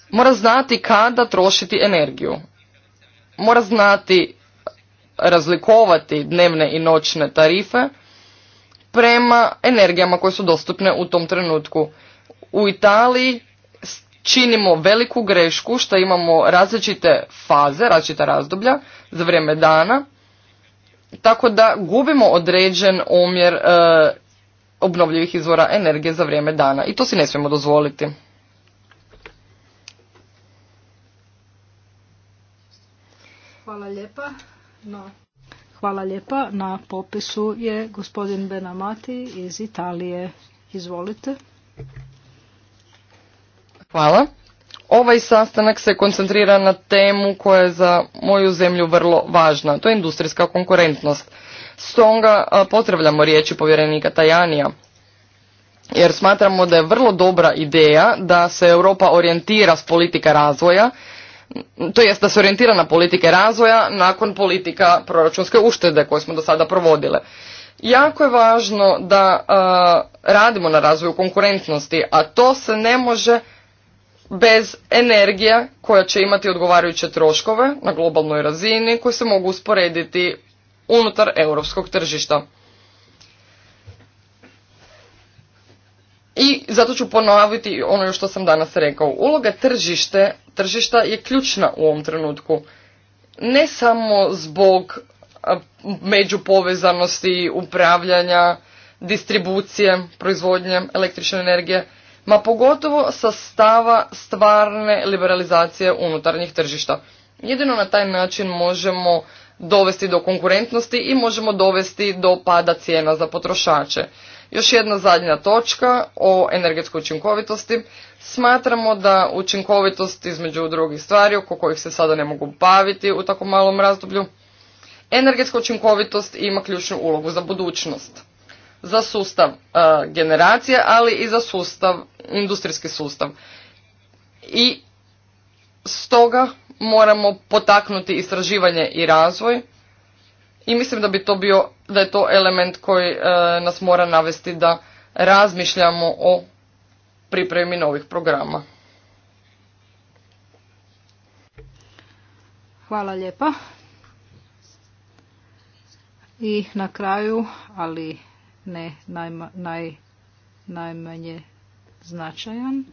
mora znati kada trošiti energiju mora znati razlikovati dnevne i noćne tarife prema energijama koje su dostupne u tom trenutku. U Italiji činimo veliku grešku što imamo različite faze, različita razdoblja za vrijeme dana, tako da gubimo određen omjer e, obnovljivih izvora energije za vrijeme dana i to si ne smijemo dozvoliti. Hvala lijepa. No. Hvala lijepa. Na popisu je gospodin Benamati iz Italije. Izvolite. Hvala. Ovaj sastanak se koncentrira na temu koja je za moju zemlju vrlo važna. To je industrijska konkurentnost. Stoga potrebljamo riječi povjerenika Tajanija. Jer smatramo da je vrlo dobra ideja da se Europa orijentira s politika razvoja to jest da se orijentira na politike razvoja nakon politika proračunske uštede koje smo do sada provodile. Jako je važno da e, radimo na razvoju konkurentnosti, a to se ne može bez energije koja će imati odgovarajuće troškove na globalnoj razini koje se mogu usporediti unutar europskog tržišta. I zato ću ponoviti ono što sam danas rekao. Uloga tržište tržišta je ključna u ovom trenutku. Ne samo zbog međupovezanosti, upravljanja, distribucije, proizvodnje električne energije, ma pogotovo sa stava stvarne liberalizacije unutarnjih tržišta. Jedino na taj način možemo dovesti do konkurentnosti i možemo dovesti do pada cijena za potrošače. Još jedna zadnja točka o energetskoj učinkovitosti. Smatramo da učinkovitost između drugih stvari oko kojih se sada ne mogu baviti u tako malom razdoblju, energetska učinkovitost ima ključnu ulogu za budućnost. Za sustav e, generacije, ali i za sustav, industrijski sustav. I stoga moramo potaknuti istraživanje i razvoj i mislim da bi to bio, da je to element koji e, nas mora navesti da razmišljamo o pripremi novih programa. Hvala lijepa. I na kraju, ali ne najma, naj, najmanje značajan,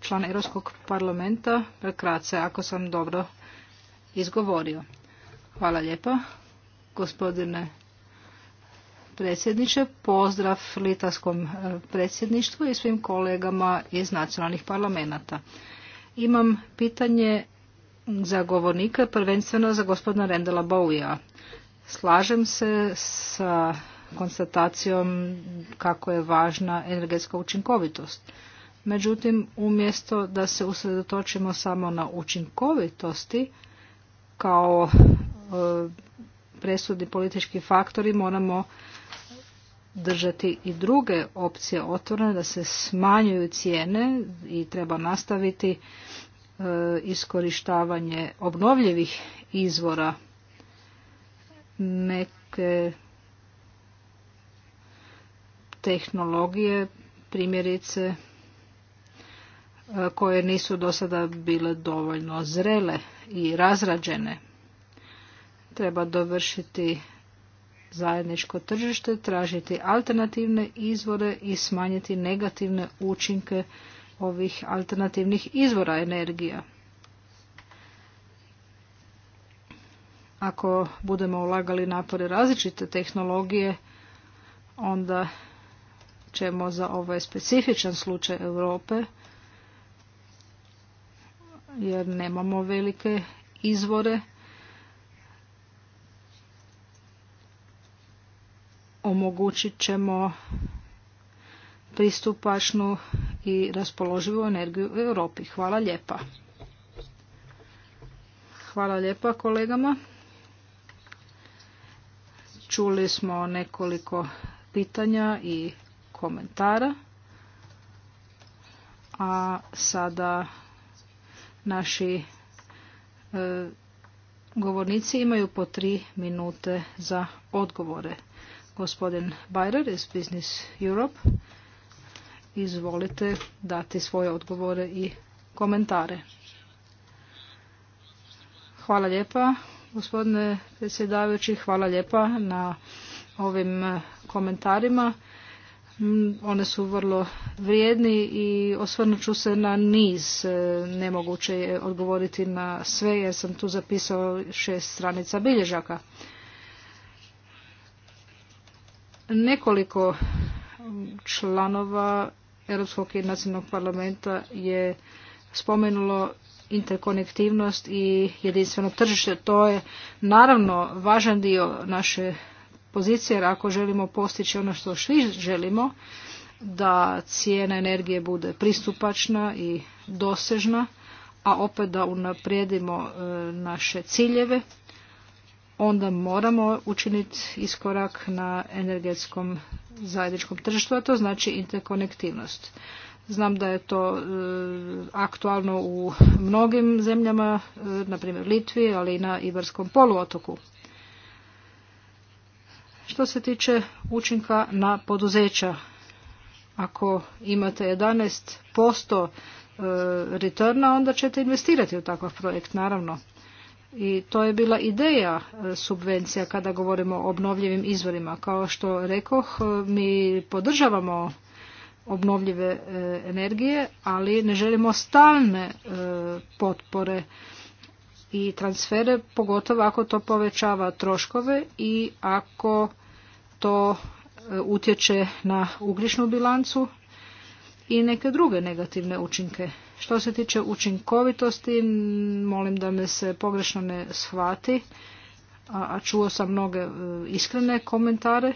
član Europskog parlamenta, kratce, ako sam dobro izgovorio. Hvala lijepa gospodine predsjedniče. Pozdrav Litavskom e, predsjedništvu i svim kolegama iz nacionalnih parlamenta. Imam pitanje za govornika, prvenstveno za gospodina Rendela Bouja. Slažem se sa konstatacijom kako je važna energetska učinkovitost. Međutim, umjesto da se usredotočimo samo na učinkovitosti kao e, presudni politički faktori moramo držati i druge opcije otvorene da se smanjuju cijene i treba nastaviti e, iskorištavanje obnovljivih izvora neke tehnologije primjerice e, koje nisu do sada bile dovoljno zrele i razrađene treba dovršiti zajedničko tržište, tražiti alternativne izvore i smanjiti negativne učinke ovih alternativnih izvora energija. Ako budemo ulagali napore različite tehnologije, onda ćemo za ovaj specifičan slučaj Europe, jer nemamo velike izvore, omogućit ćemo pristupačnu i raspoloživu energiju u Europi. Hvala lijepa. Hvala lijepa kolegama. Čuli smo nekoliko pitanja i komentara. A sada naši e, govornici imaju po tri minute za odgovore. Gospodin Bajrer iz Business Europe. Izvolite dati svoje odgovore i komentare. Hvala lijepa, gospodine predsjedavajući. Hvala lijepa na ovim e, komentarima. One su vrlo vrijedni i osvrnut ću se na niz. E, nemoguće je odgovoriti na sve jer sam tu zapisao šest stranica bilježaka. Nekoliko članova Europskog i nacionalnog parlamenta je spomenulo interkonektivnost i jedinstveno tržište. To je naravno važan dio naše pozicije, jer ako želimo postići ono što svi želimo, da cijena energije bude pristupačna i dosežna, a opet da unaprijedimo e, naše ciljeve, onda moramo učiniti iskorak na energetskom zajedničkom tržištu, a to znači interkonektivnost. Znam da je to e, aktualno u mnogim zemljama, e, na primjer Litvi, ali i na Ibarskom poluotoku. Što se tiče učinka na poduzeća, ako imate 11% e, returna, onda ćete investirati u takav projekt, naravno. I to je bila ideja e, subvencija kada govorimo o obnovljivim izvorima. Kao što rekoh, e, mi podržavamo obnovljive e, energije, ali ne želimo stalne potpore i transfere, pogotovo ako to povećava troškove i ako to utječe na ugrišnu bilancu i neke druge negativne učinke što se tiče učinkovitosti, molim da me se pogrešno ne shvati, a čuo sam mnoge e, iskrene komentare.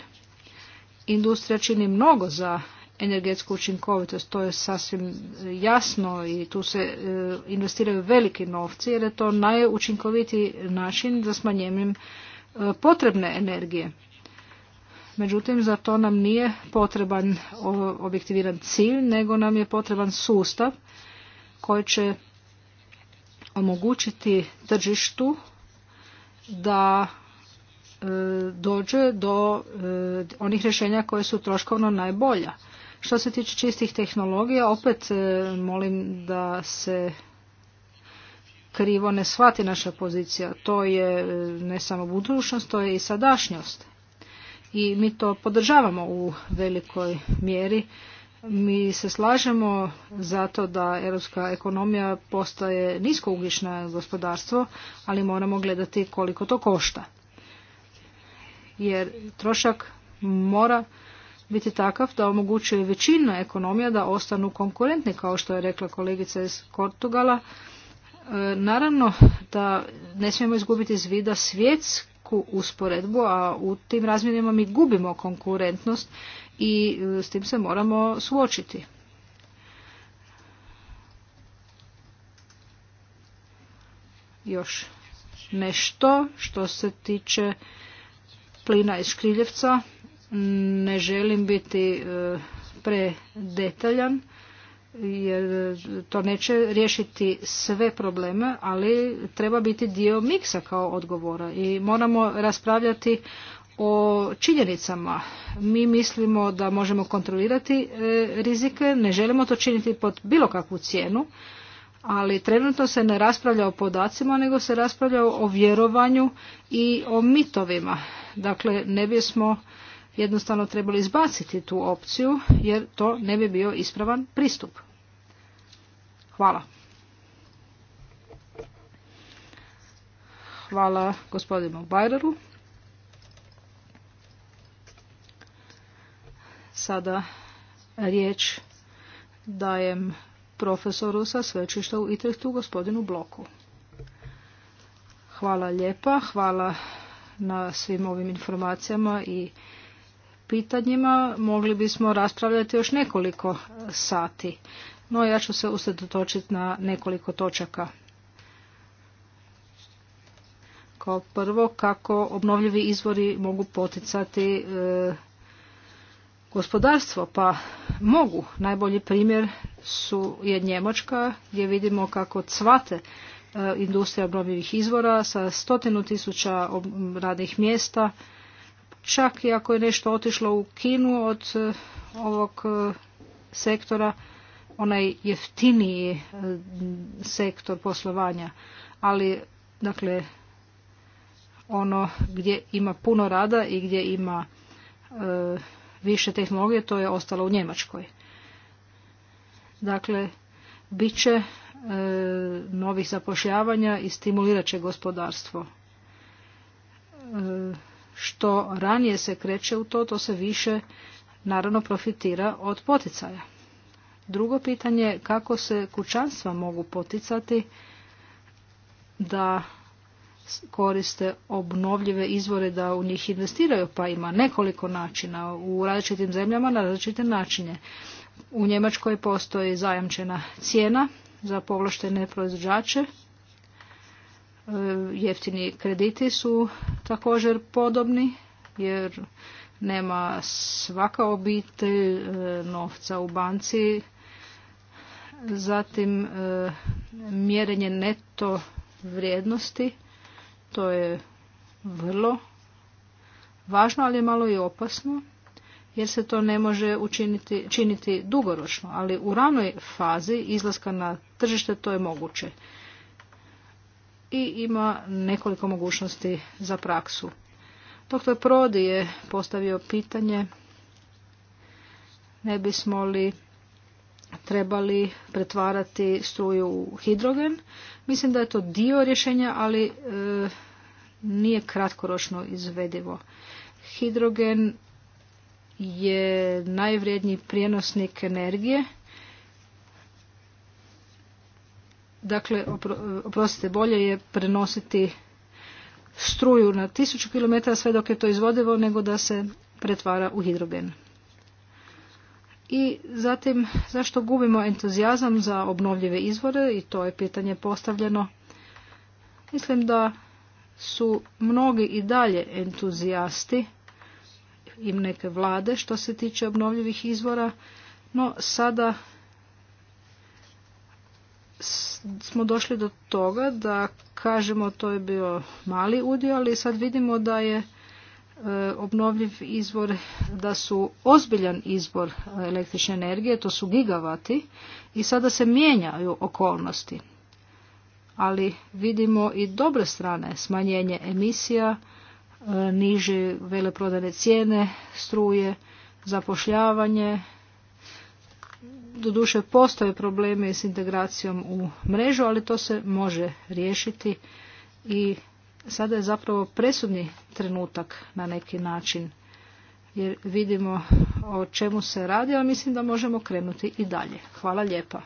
Industrija čini mnogo za energetsku učinkovitost, to je sasvim jasno i tu se e, investiraju veliki novci jer je to najučinkovitiji način za smanjenje e, potrebne energije. Međutim, za to nam nije potreban objektiviran cilj, nego nam je potreban sustav koje će omogućiti tržištu da e, dođe do e, onih rješenja koje su troškovno najbolja. Što se tiče čistih tehnologija, opet e, molim da se krivo ne shvati naša pozicija. To je ne samo budućnost, to je i sadašnjost. I mi to podržavamo u velikoj mjeri mi se slažemo zato da europska ekonomija postaje niskougljično gospodarstvo, ali moramo gledati koliko to košta. Jer trošak mora biti takav da omogućuje većina ekonomija da ostanu konkurentni, kao što je rekla kolegica iz Portugala. E, naravno da ne smijemo izgubiti iz vida svjetsku usporedbu, a u tim razmjerima mi gubimo konkurentnost i e, s tim se moramo suočiti. Još nešto što se tiče plina iz škriljevca. Ne želim biti e, detaljan jer to neće riješiti sve probleme, ali treba biti dio miksa kao odgovora i moramo raspravljati o činjenicama. Mi mislimo da možemo kontrolirati e, rizike, ne želimo to činiti pod bilo kakvu cijenu, ali trenutno se ne raspravlja o podacima, nego se raspravlja o vjerovanju i o mitovima. Dakle, ne bismo jednostavno trebali izbaciti tu opciju, jer to ne bi bio ispravan pristup. Hvala. Hvala gospodinu Bajderu. sada riječ dajem profesoru sa svečišta u Itrehtu, gospodinu Bloku. Hvala lijepa, hvala na svim ovim informacijama i pitanjima. Mogli bismo raspravljati još nekoliko sati, no ja ću se usredotočiti na nekoliko točaka. Kao prvo, kako obnovljivi izvori mogu poticati e, gospodarstvo, pa mogu. Najbolji primjer su je Njemačka gdje vidimo kako cvate e, industrija obnovljivih izvora sa stotinu tisuća radnih mjesta. Čak i ako je nešto otišlo u Kinu od e, ovog e, sektora, onaj jeftiniji sektor poslovanja, ali dakle ono gdje ima puno rada i gdje ima više tehnologije, to je ostalo u Njemačkoj. Dakle, bit će e, novih zapošljavanja i stimulirat će gospodarstvo. E, što ranije se kreće u to, to se više naravno profitira od poticaja. Drugo pitanje je kako se kućanstva mogu poticati da koriste obnovljive izvore da u njih investiraju, pa ima nekoliko načina u različitim zemljama na različite načine. U Njemačkoj postoji zajamčena cijena za povlaštene proizvođače. E, jeftini krediti su također podobni jer nema svaka obitelj e, novca u banci. Zatim e, mjerenje neto vrijednosti to je vrlo važno, ali je malo i opasno, jer se to ne može učiniti, činiti dugoročno, ali u ranoj fazi izlaska na tržište to je moguće. I ima nekoliko mogućnosti za praksu. Doktor Prodi je postavio pitanje ne bismo li trebali pretvarati struju u hidrogen. Mislim da je to dio rješenja, ali e, nije kratkoročno izvedivo. Hidrogen je najvrijedniji prijenosnik energije. Dakle, oprostite, bolje je prenositi struju na 1000 km sve dok je to izvodivo nego da se pretvara u hidrogen. I zatim zašto gubimo entuzijazam za obnovljive izvore i to je pitanje postavljeno. Mislim da su mnogi i dalje entuzijasti i neke vlade što se tiče obnovljivih izvora, no sada smo došli do toga da kažemo to je bio mali udio, ali sad vidimo da je e, obnovljiv izvor, da su ozbiljan izbor e, električne energije, to su gigavati i sada se mijenjaju okolnosti ali vidimo i dobre strane smanjenje emisija, e, niže veleprodane cijene, struje, zapošljavanje. Doduše postoje problemi s integracijom u mrežu, ali to se može riješiti i sada je zapravo presudni trenutak na neki način jer vidimo o čemu se radi, ali mislim da možemo krenuti i dalje. Hvala lijepa.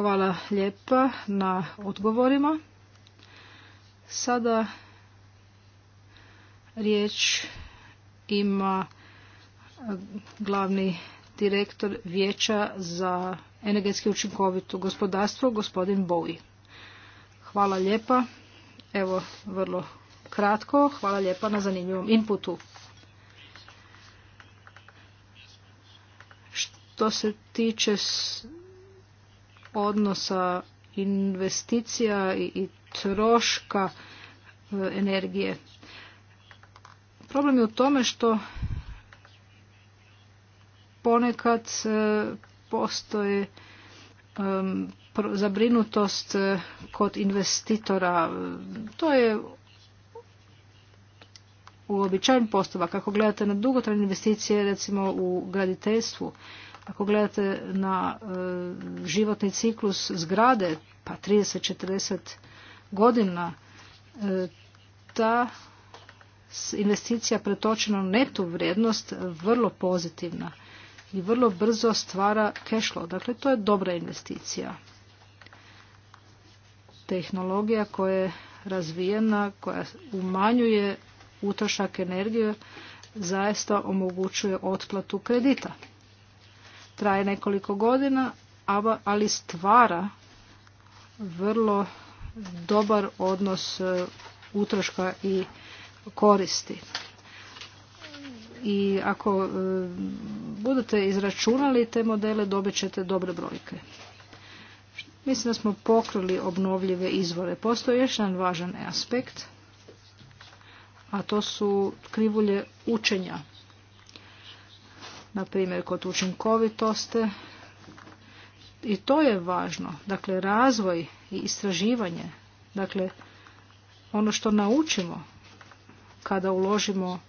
Hvala lijepa na odgovorima. Sada riječ ima eh, glavni direktor Vijeća za energetski učinkovito gospodarstvo, gospodin boji Hvala lijepa. Evo, vrlo kratko. Hvala lijepa na zanimljivom inputu. Što se tiče odnosa investicija i troška e, energije. Problem je u tome što ponekad e, postoje zabrinutost e, kod investitora. To je uobičajen postupak. Ako gledate na dugotrajne investicije, recimo u graditeljstvu, ako gledate na e, životni ciklus zgrade, pa 30-40 godina, e, ta investicija pretočena u netu vrijednost vrlo pozitivna i vrlo brzo stvara cash flow. Dakle, to je dobra investicija. Tehnologija koja je razvijena, koja umanjuje utrošak energije, zaista omogućuje otplatu kredita traje nekoliko godina, ali stvara vrlo dobar odnos e, utroška i koristi. I ako e, budete izračunali te modele, dobit ćete dobre brojke. Mislim da smo pokrili obnovljive izvore. Postoji još jedan važan aspekt, a to su krivulje učenja na primjer kod učinkovitosti. I to je važno, dakle razvoj i istraživanje, dakle ono što naučimo kada uložimo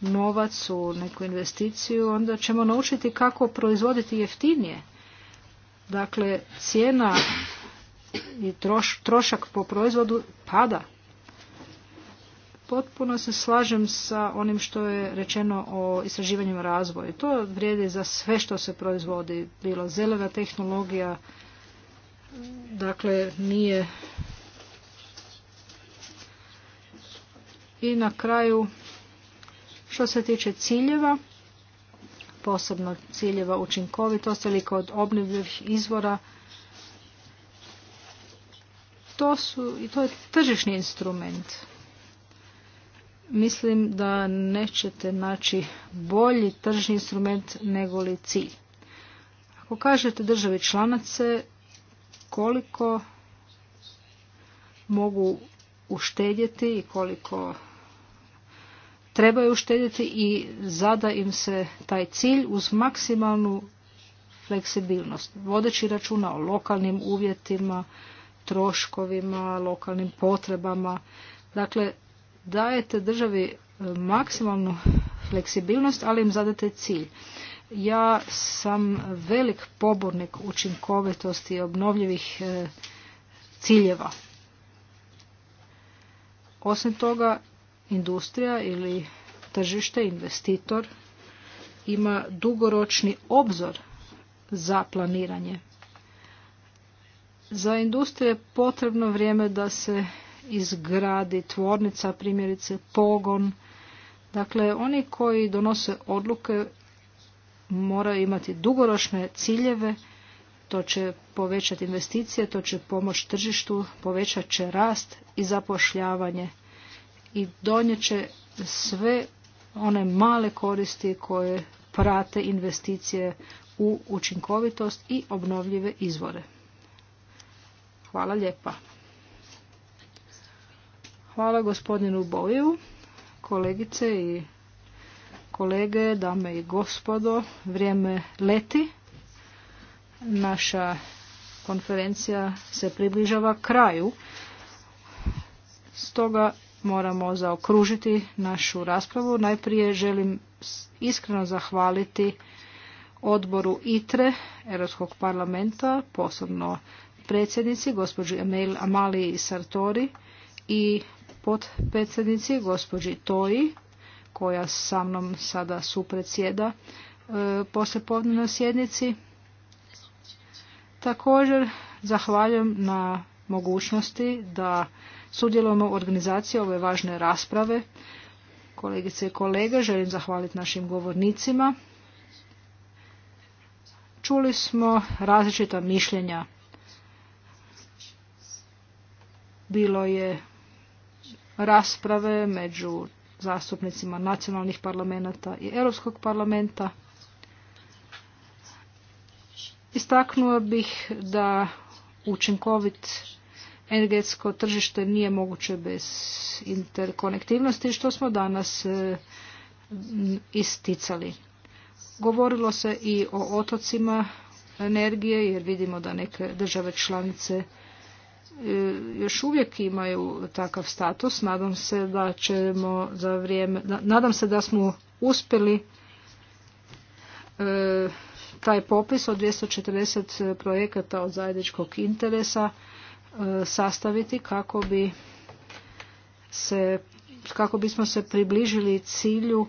novac u neku investiciju, onda ćemo naučiti kako proizvoditi jeftinije. Dakle, cijena i trošak po proizvodu pada potpuno se slažem sa onim što je rečeno o istraživanju razvoju. To vrijedi za sve što se proizvodi, bilo zelena tehnologija, dakle nije... I na kraju, što se tiče ciljeva, posebno ciljeva učinkovitosti ili kod obnovljivih izvora, to su, i to je tržišni instrument mislim da nećete naći bolji tržni instrument nego li cilj. Ako kažete državi članice koliko mogu uštedjeti i koliko trebaju uštedjeti i zada im se taj cilj uz maksimalnu fleksibilnost, vodeći računa o lokalnim uvjetima, troškovima, lokalnim potrebama. Dakle, dajete državi e, maksimalnu fleksibilnost, ali im zadate cilj. Ja sam velik pobornik učinkovitosti i obnovljivih e, ciljeva. Osim toga, industrija ili tržište, investitor, ima dugoročni obzor za planiranje. Za industrije je potrebno vrijeme da se izgradi tvornica, primjerice pogon. Dakle, oni koji donose odluke moraju imati dugoročne ciljeve, to će povećati investicije, to će pomoći tržištu, povećat će rast i zapošljavanje i donijet će sve one male koristi koje prate investicije u učinkovitost i obnovljive izvore. Hvala lijepa. Hvala gospodinu Boju, kolegice i kolege, dame i gospodo. Vrijeme leti. Naša konferencija se približava kraju. Stoga moramo zaokružiti našu raspravu. Najprije želim iskreno zahvaliti odboru ITRE Europskog parlamenta, posebno predsjednici, gospođi Amali Sartori i potpredsjednici, gospođi Toji, koja sa mnom sada supredsjeda e, posle na sjednici. Također zahvaljujem na mogućnosti da sudjelujemo u organizaciji ove važne rasprave. Kolegice i kolege, želim zahvaliti našim govornicima. Čuli smo različita mišljenja. Bilo je rasprave među zastupnicima nacionalnih parlamenta i Europskog parlamenta. Istaknuo bih da učinkovit energetsko tržište nije moguće bez interkonektivnosti što smo danas e, isticali. Govorilo se i o otocima energije jer vidimo da neke države članice još uvijek imaju takav status. Nadam se da ćemo za vrijeme, nadam se da smo uspjeli e, taj popis od 240 projekata od zajedničkog interesa e, sastaviti kako bi se kako bismo se približili cilju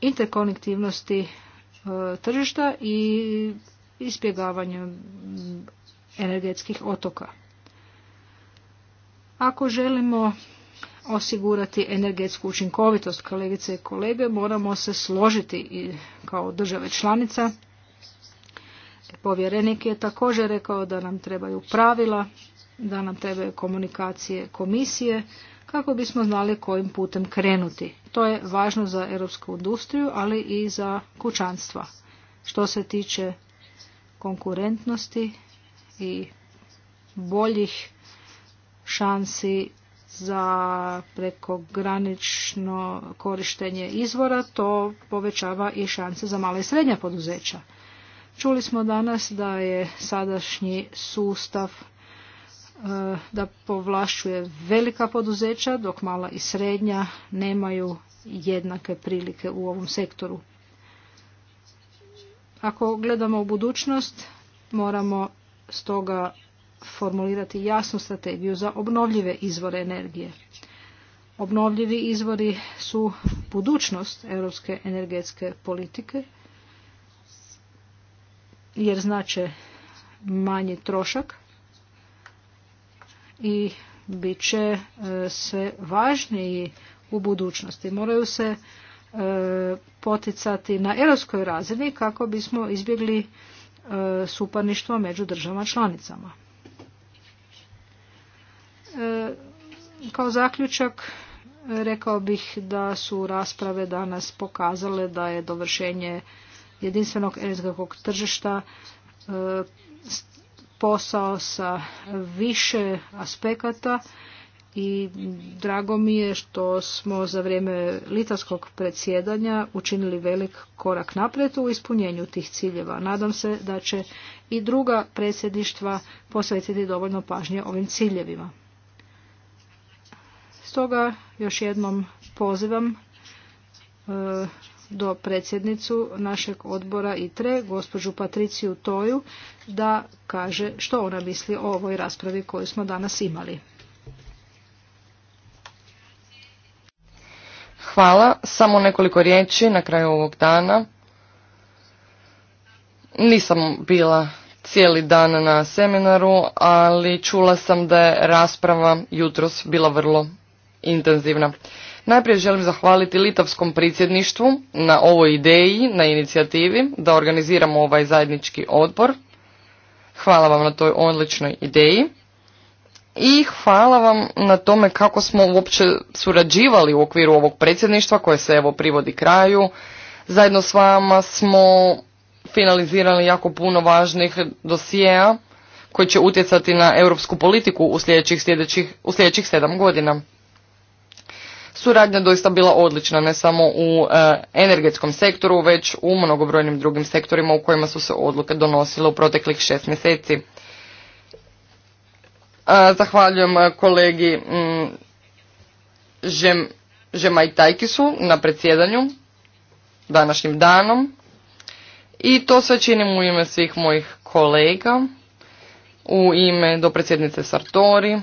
interkonektivnosti e, tržišta i izbjegavanju energetskih otoka. Ako želimo osigurati energetsku učinkovitost, kolegice i kolege, moramo se složiti i kao države članica. Povjerenik je također rekao da nam trebaju pravila, da nam trebaju komunikacije komisije, kako bismo znali kojim putem krenuti. To je važno za europsku industriju, ali i za kućanstva. Što se tiče konkurentnosti i boljih šansi za prekogranično korištenje izvora, to povećava i šanse za mala i srednja poduzeća. Čuli smo danas da je sadašnji sustav e, da povlašćuje velika poduzeća, dok mala i srednja nemaju jednake prilike u ovom sektoru. Ako gledamo u budućnost, moramo stoga formulirati jasnu strategiju za obnovljive izvore energije. Obnovljivi izvori su budućnost europske energetske politike jer znače manji trošak i bit će e, sve važniji u budućnosti. Moraju se e, poticati na europskoj razini kako bismo izbjegli e, suparništvo među državama članicama. E, kao zaključak rekao bih da su rasprave danas pokazale da je dovršenje jedinstvenog energetskog tržišta e, posao sa više aspekata i drago mi je što smo za vrijeme litarskog predsjedanja učinili velik korak naprijed u ispunjenju tih ciljeva. Nadam se da će i druga predsjedništva posvetiti dovoljno pažnje ovim ciljevima. Stoga još jednom pozivam e, do predsjednicu našeg odbora ITRE, gospođu Patriciju Toju, da kaže što ona misli o ovoj raspravi koju smo danas imali. Hvala. Samo nekoliko riječi na kraju ovog dana. Nisam bila cijeli dan na seminaru, ali čula sam da je rasprava jutros bila vrlo intenzivna. Najprije želim zahvaliti Litavskom predsjedništvu na ovoj ideji, na inicijativi da organiziramo ovaj zajednički odbor. Hvala vam na toj odličnoj ideji i hvala vam na tome kako smo uopće surađivali u okviru ovog predsjedništva koje se evo privodi kraju. Zajedno s vama smo finalizirali jako puno važnih dosijeja koji će utjecati na europsku politiku u u sljedećih sedam godina suradnja doista bila odlična, ne samo u e, energetskom sektoru, već u mnogobrojnim drugim sektorima u kojima su se odluke donosile u proteklih šest mjeseci. E, zahvaljujem e, kolegi mm, Žem, Tajkisu na predsjedanju današnjim danom. I to sve činim u ime svih mojih kolega, u ime dopredsjednice Sartori,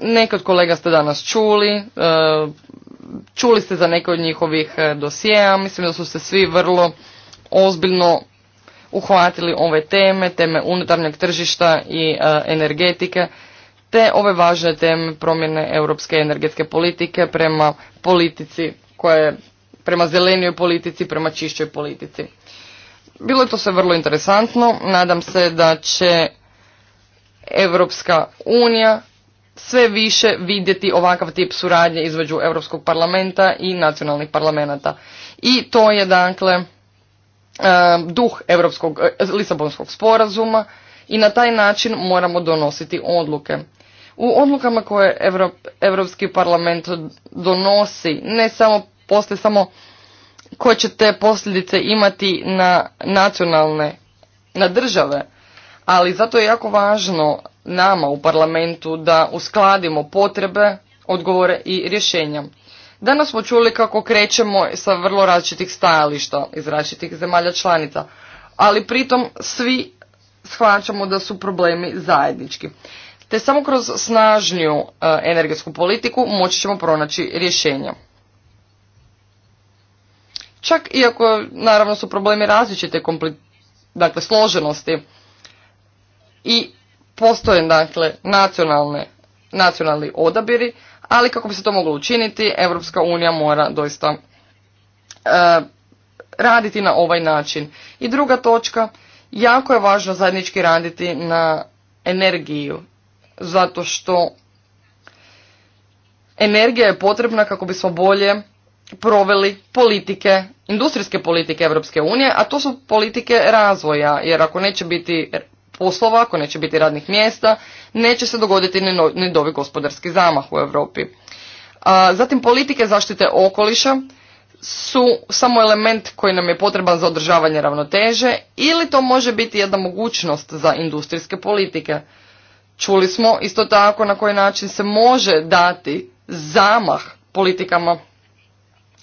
Neki od kolega ste danas čuli, e, čuli ste za neke od njihovih e, dosijeja, mislim da su se svi vrlo ozbiljno uhvatili ove teme, teme unutarnjeg tržišta i e, energetike, te ove važne teme promjene europske energetske politike prema politici koja je prema zelenijoj politici, prema čišćoj politici. Bilo je to sve vrlo interesantno, nadam se da će Europska unija sve više vidjeti ovakav tip suradnje između Europskog parlamenta i nacionalnih parlamenta. I to je dakle e, duh Europskog, e, Lisabonskog sporazuma i na taj način moramo donositi odluke. U odlukama koje Europski parlament donosi, ne samo poslije samo koje će te posljedice imati na nacionalne, na države, ali zato je jako važno nama u parlamentu da uskladimo potrebe, odgovore i rješenja. Danas smo čuli kako krećemo sa vrlo različitih stajališta iz različitih zemalja članica, ali pritom svi shvaćamo da su problemi zajednički. Te samo kroz snažniju eh, energetsku politiku moći ćemo pronaći rješenja. Čak iako naravno su problemi različite, dakle složenosti i Postoje dakle nacionalne, nacionalni odabiri, ali kako bi se to moglo učiniti, Europska unija mora doista e, raditi na ovaj način. I druga točka, jako je važno zajednički raditi na energiju, zato što energija je potrebna kako bismo bolje proveli politike, industrijske politike Europske unije, a to su politike razvoja, jer ako neće biti poslova, ako neće biti radnih mjesta, neće se dogoditi ni dovi gospodarski zamah u Europi. Zatim politike zaštite okoliša su samo element koji nam je potreban za održavanje ravnoteže ili to može biti jedna mogućnost za industrijske politike. Čuli smo isto tako na koji način se može dati zamah politikama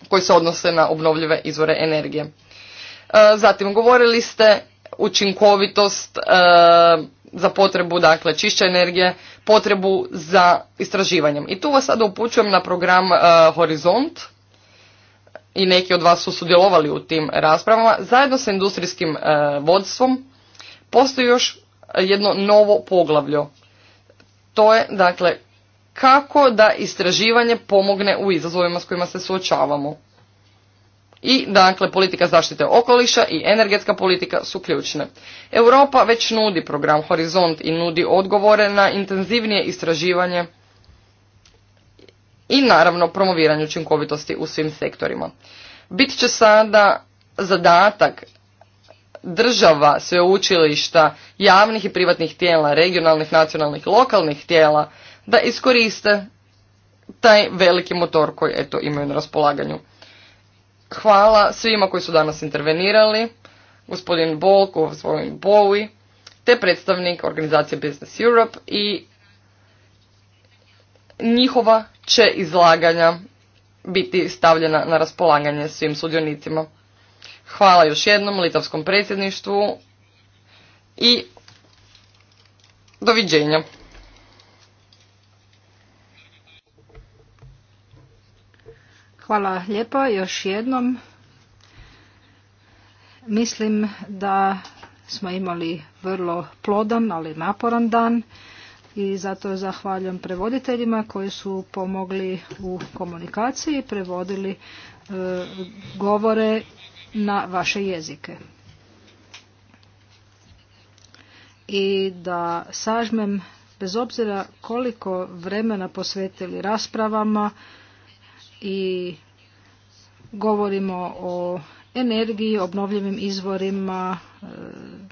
koji se odnose na obnovljive izvore energije. E, zatim govorili ste učinkovitost e, za potrebu dakle čišće energije, potrebu za istraživanjem. I tu vas sada upućujem na program e, Horizont i neki od vas su sudjelovali u tim raspravama. Zajedno sa industrijskim e, vodstvom postoji još jedno novo poglavlje. To je dakle kako da istraživanje pomogne u izazovima s kojima se suočavamo. I dakle, politika zaštite okoliša i energetska politika su ključne. Europa već nudi program Horizont i nudi odgovore na intenzivnije istraživanje i naravno promoviranje učinkovitosti u svim sektorima. Bit će sada zadatak država, sveučilišta, javnih i privatnih tijela, regionalnih, nacionalnih, lokalnih tijela da iskoriste taj veliki motor koji eto imaju na raspolaganju. Hvala svima koji su danas intervenirali, gospodin Bol, gospodin Bowie, te predstavnik organizacije Business Europe i njihova će izlaganja biti stavljena na raspolaganje svim sudionicima. Hvala još jednom Litavskom predsjedništvu i doviđenja. Hvala lijepa još jednom. Mislim da smo imali vrlo plodan, ali naporan dan i zato zahvaljujem prevoditeljima koji su pomogli u komunikaciji i prevodili e, govore na vaše jezike. I da sažmem, bez obzira koliko vremena posvetili raspravama, i govorimo o energiji, obnovljivim izvorima, e,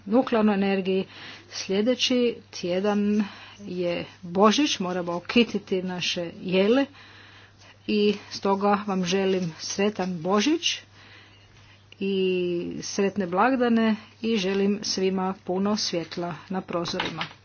nuklearnoj energiji. Sljedeći tjedan je Božić, moramo okititi naše jele i stoga vam želim sretan Božić i sretne blagdane i želim svima puno svjetla na prozorima.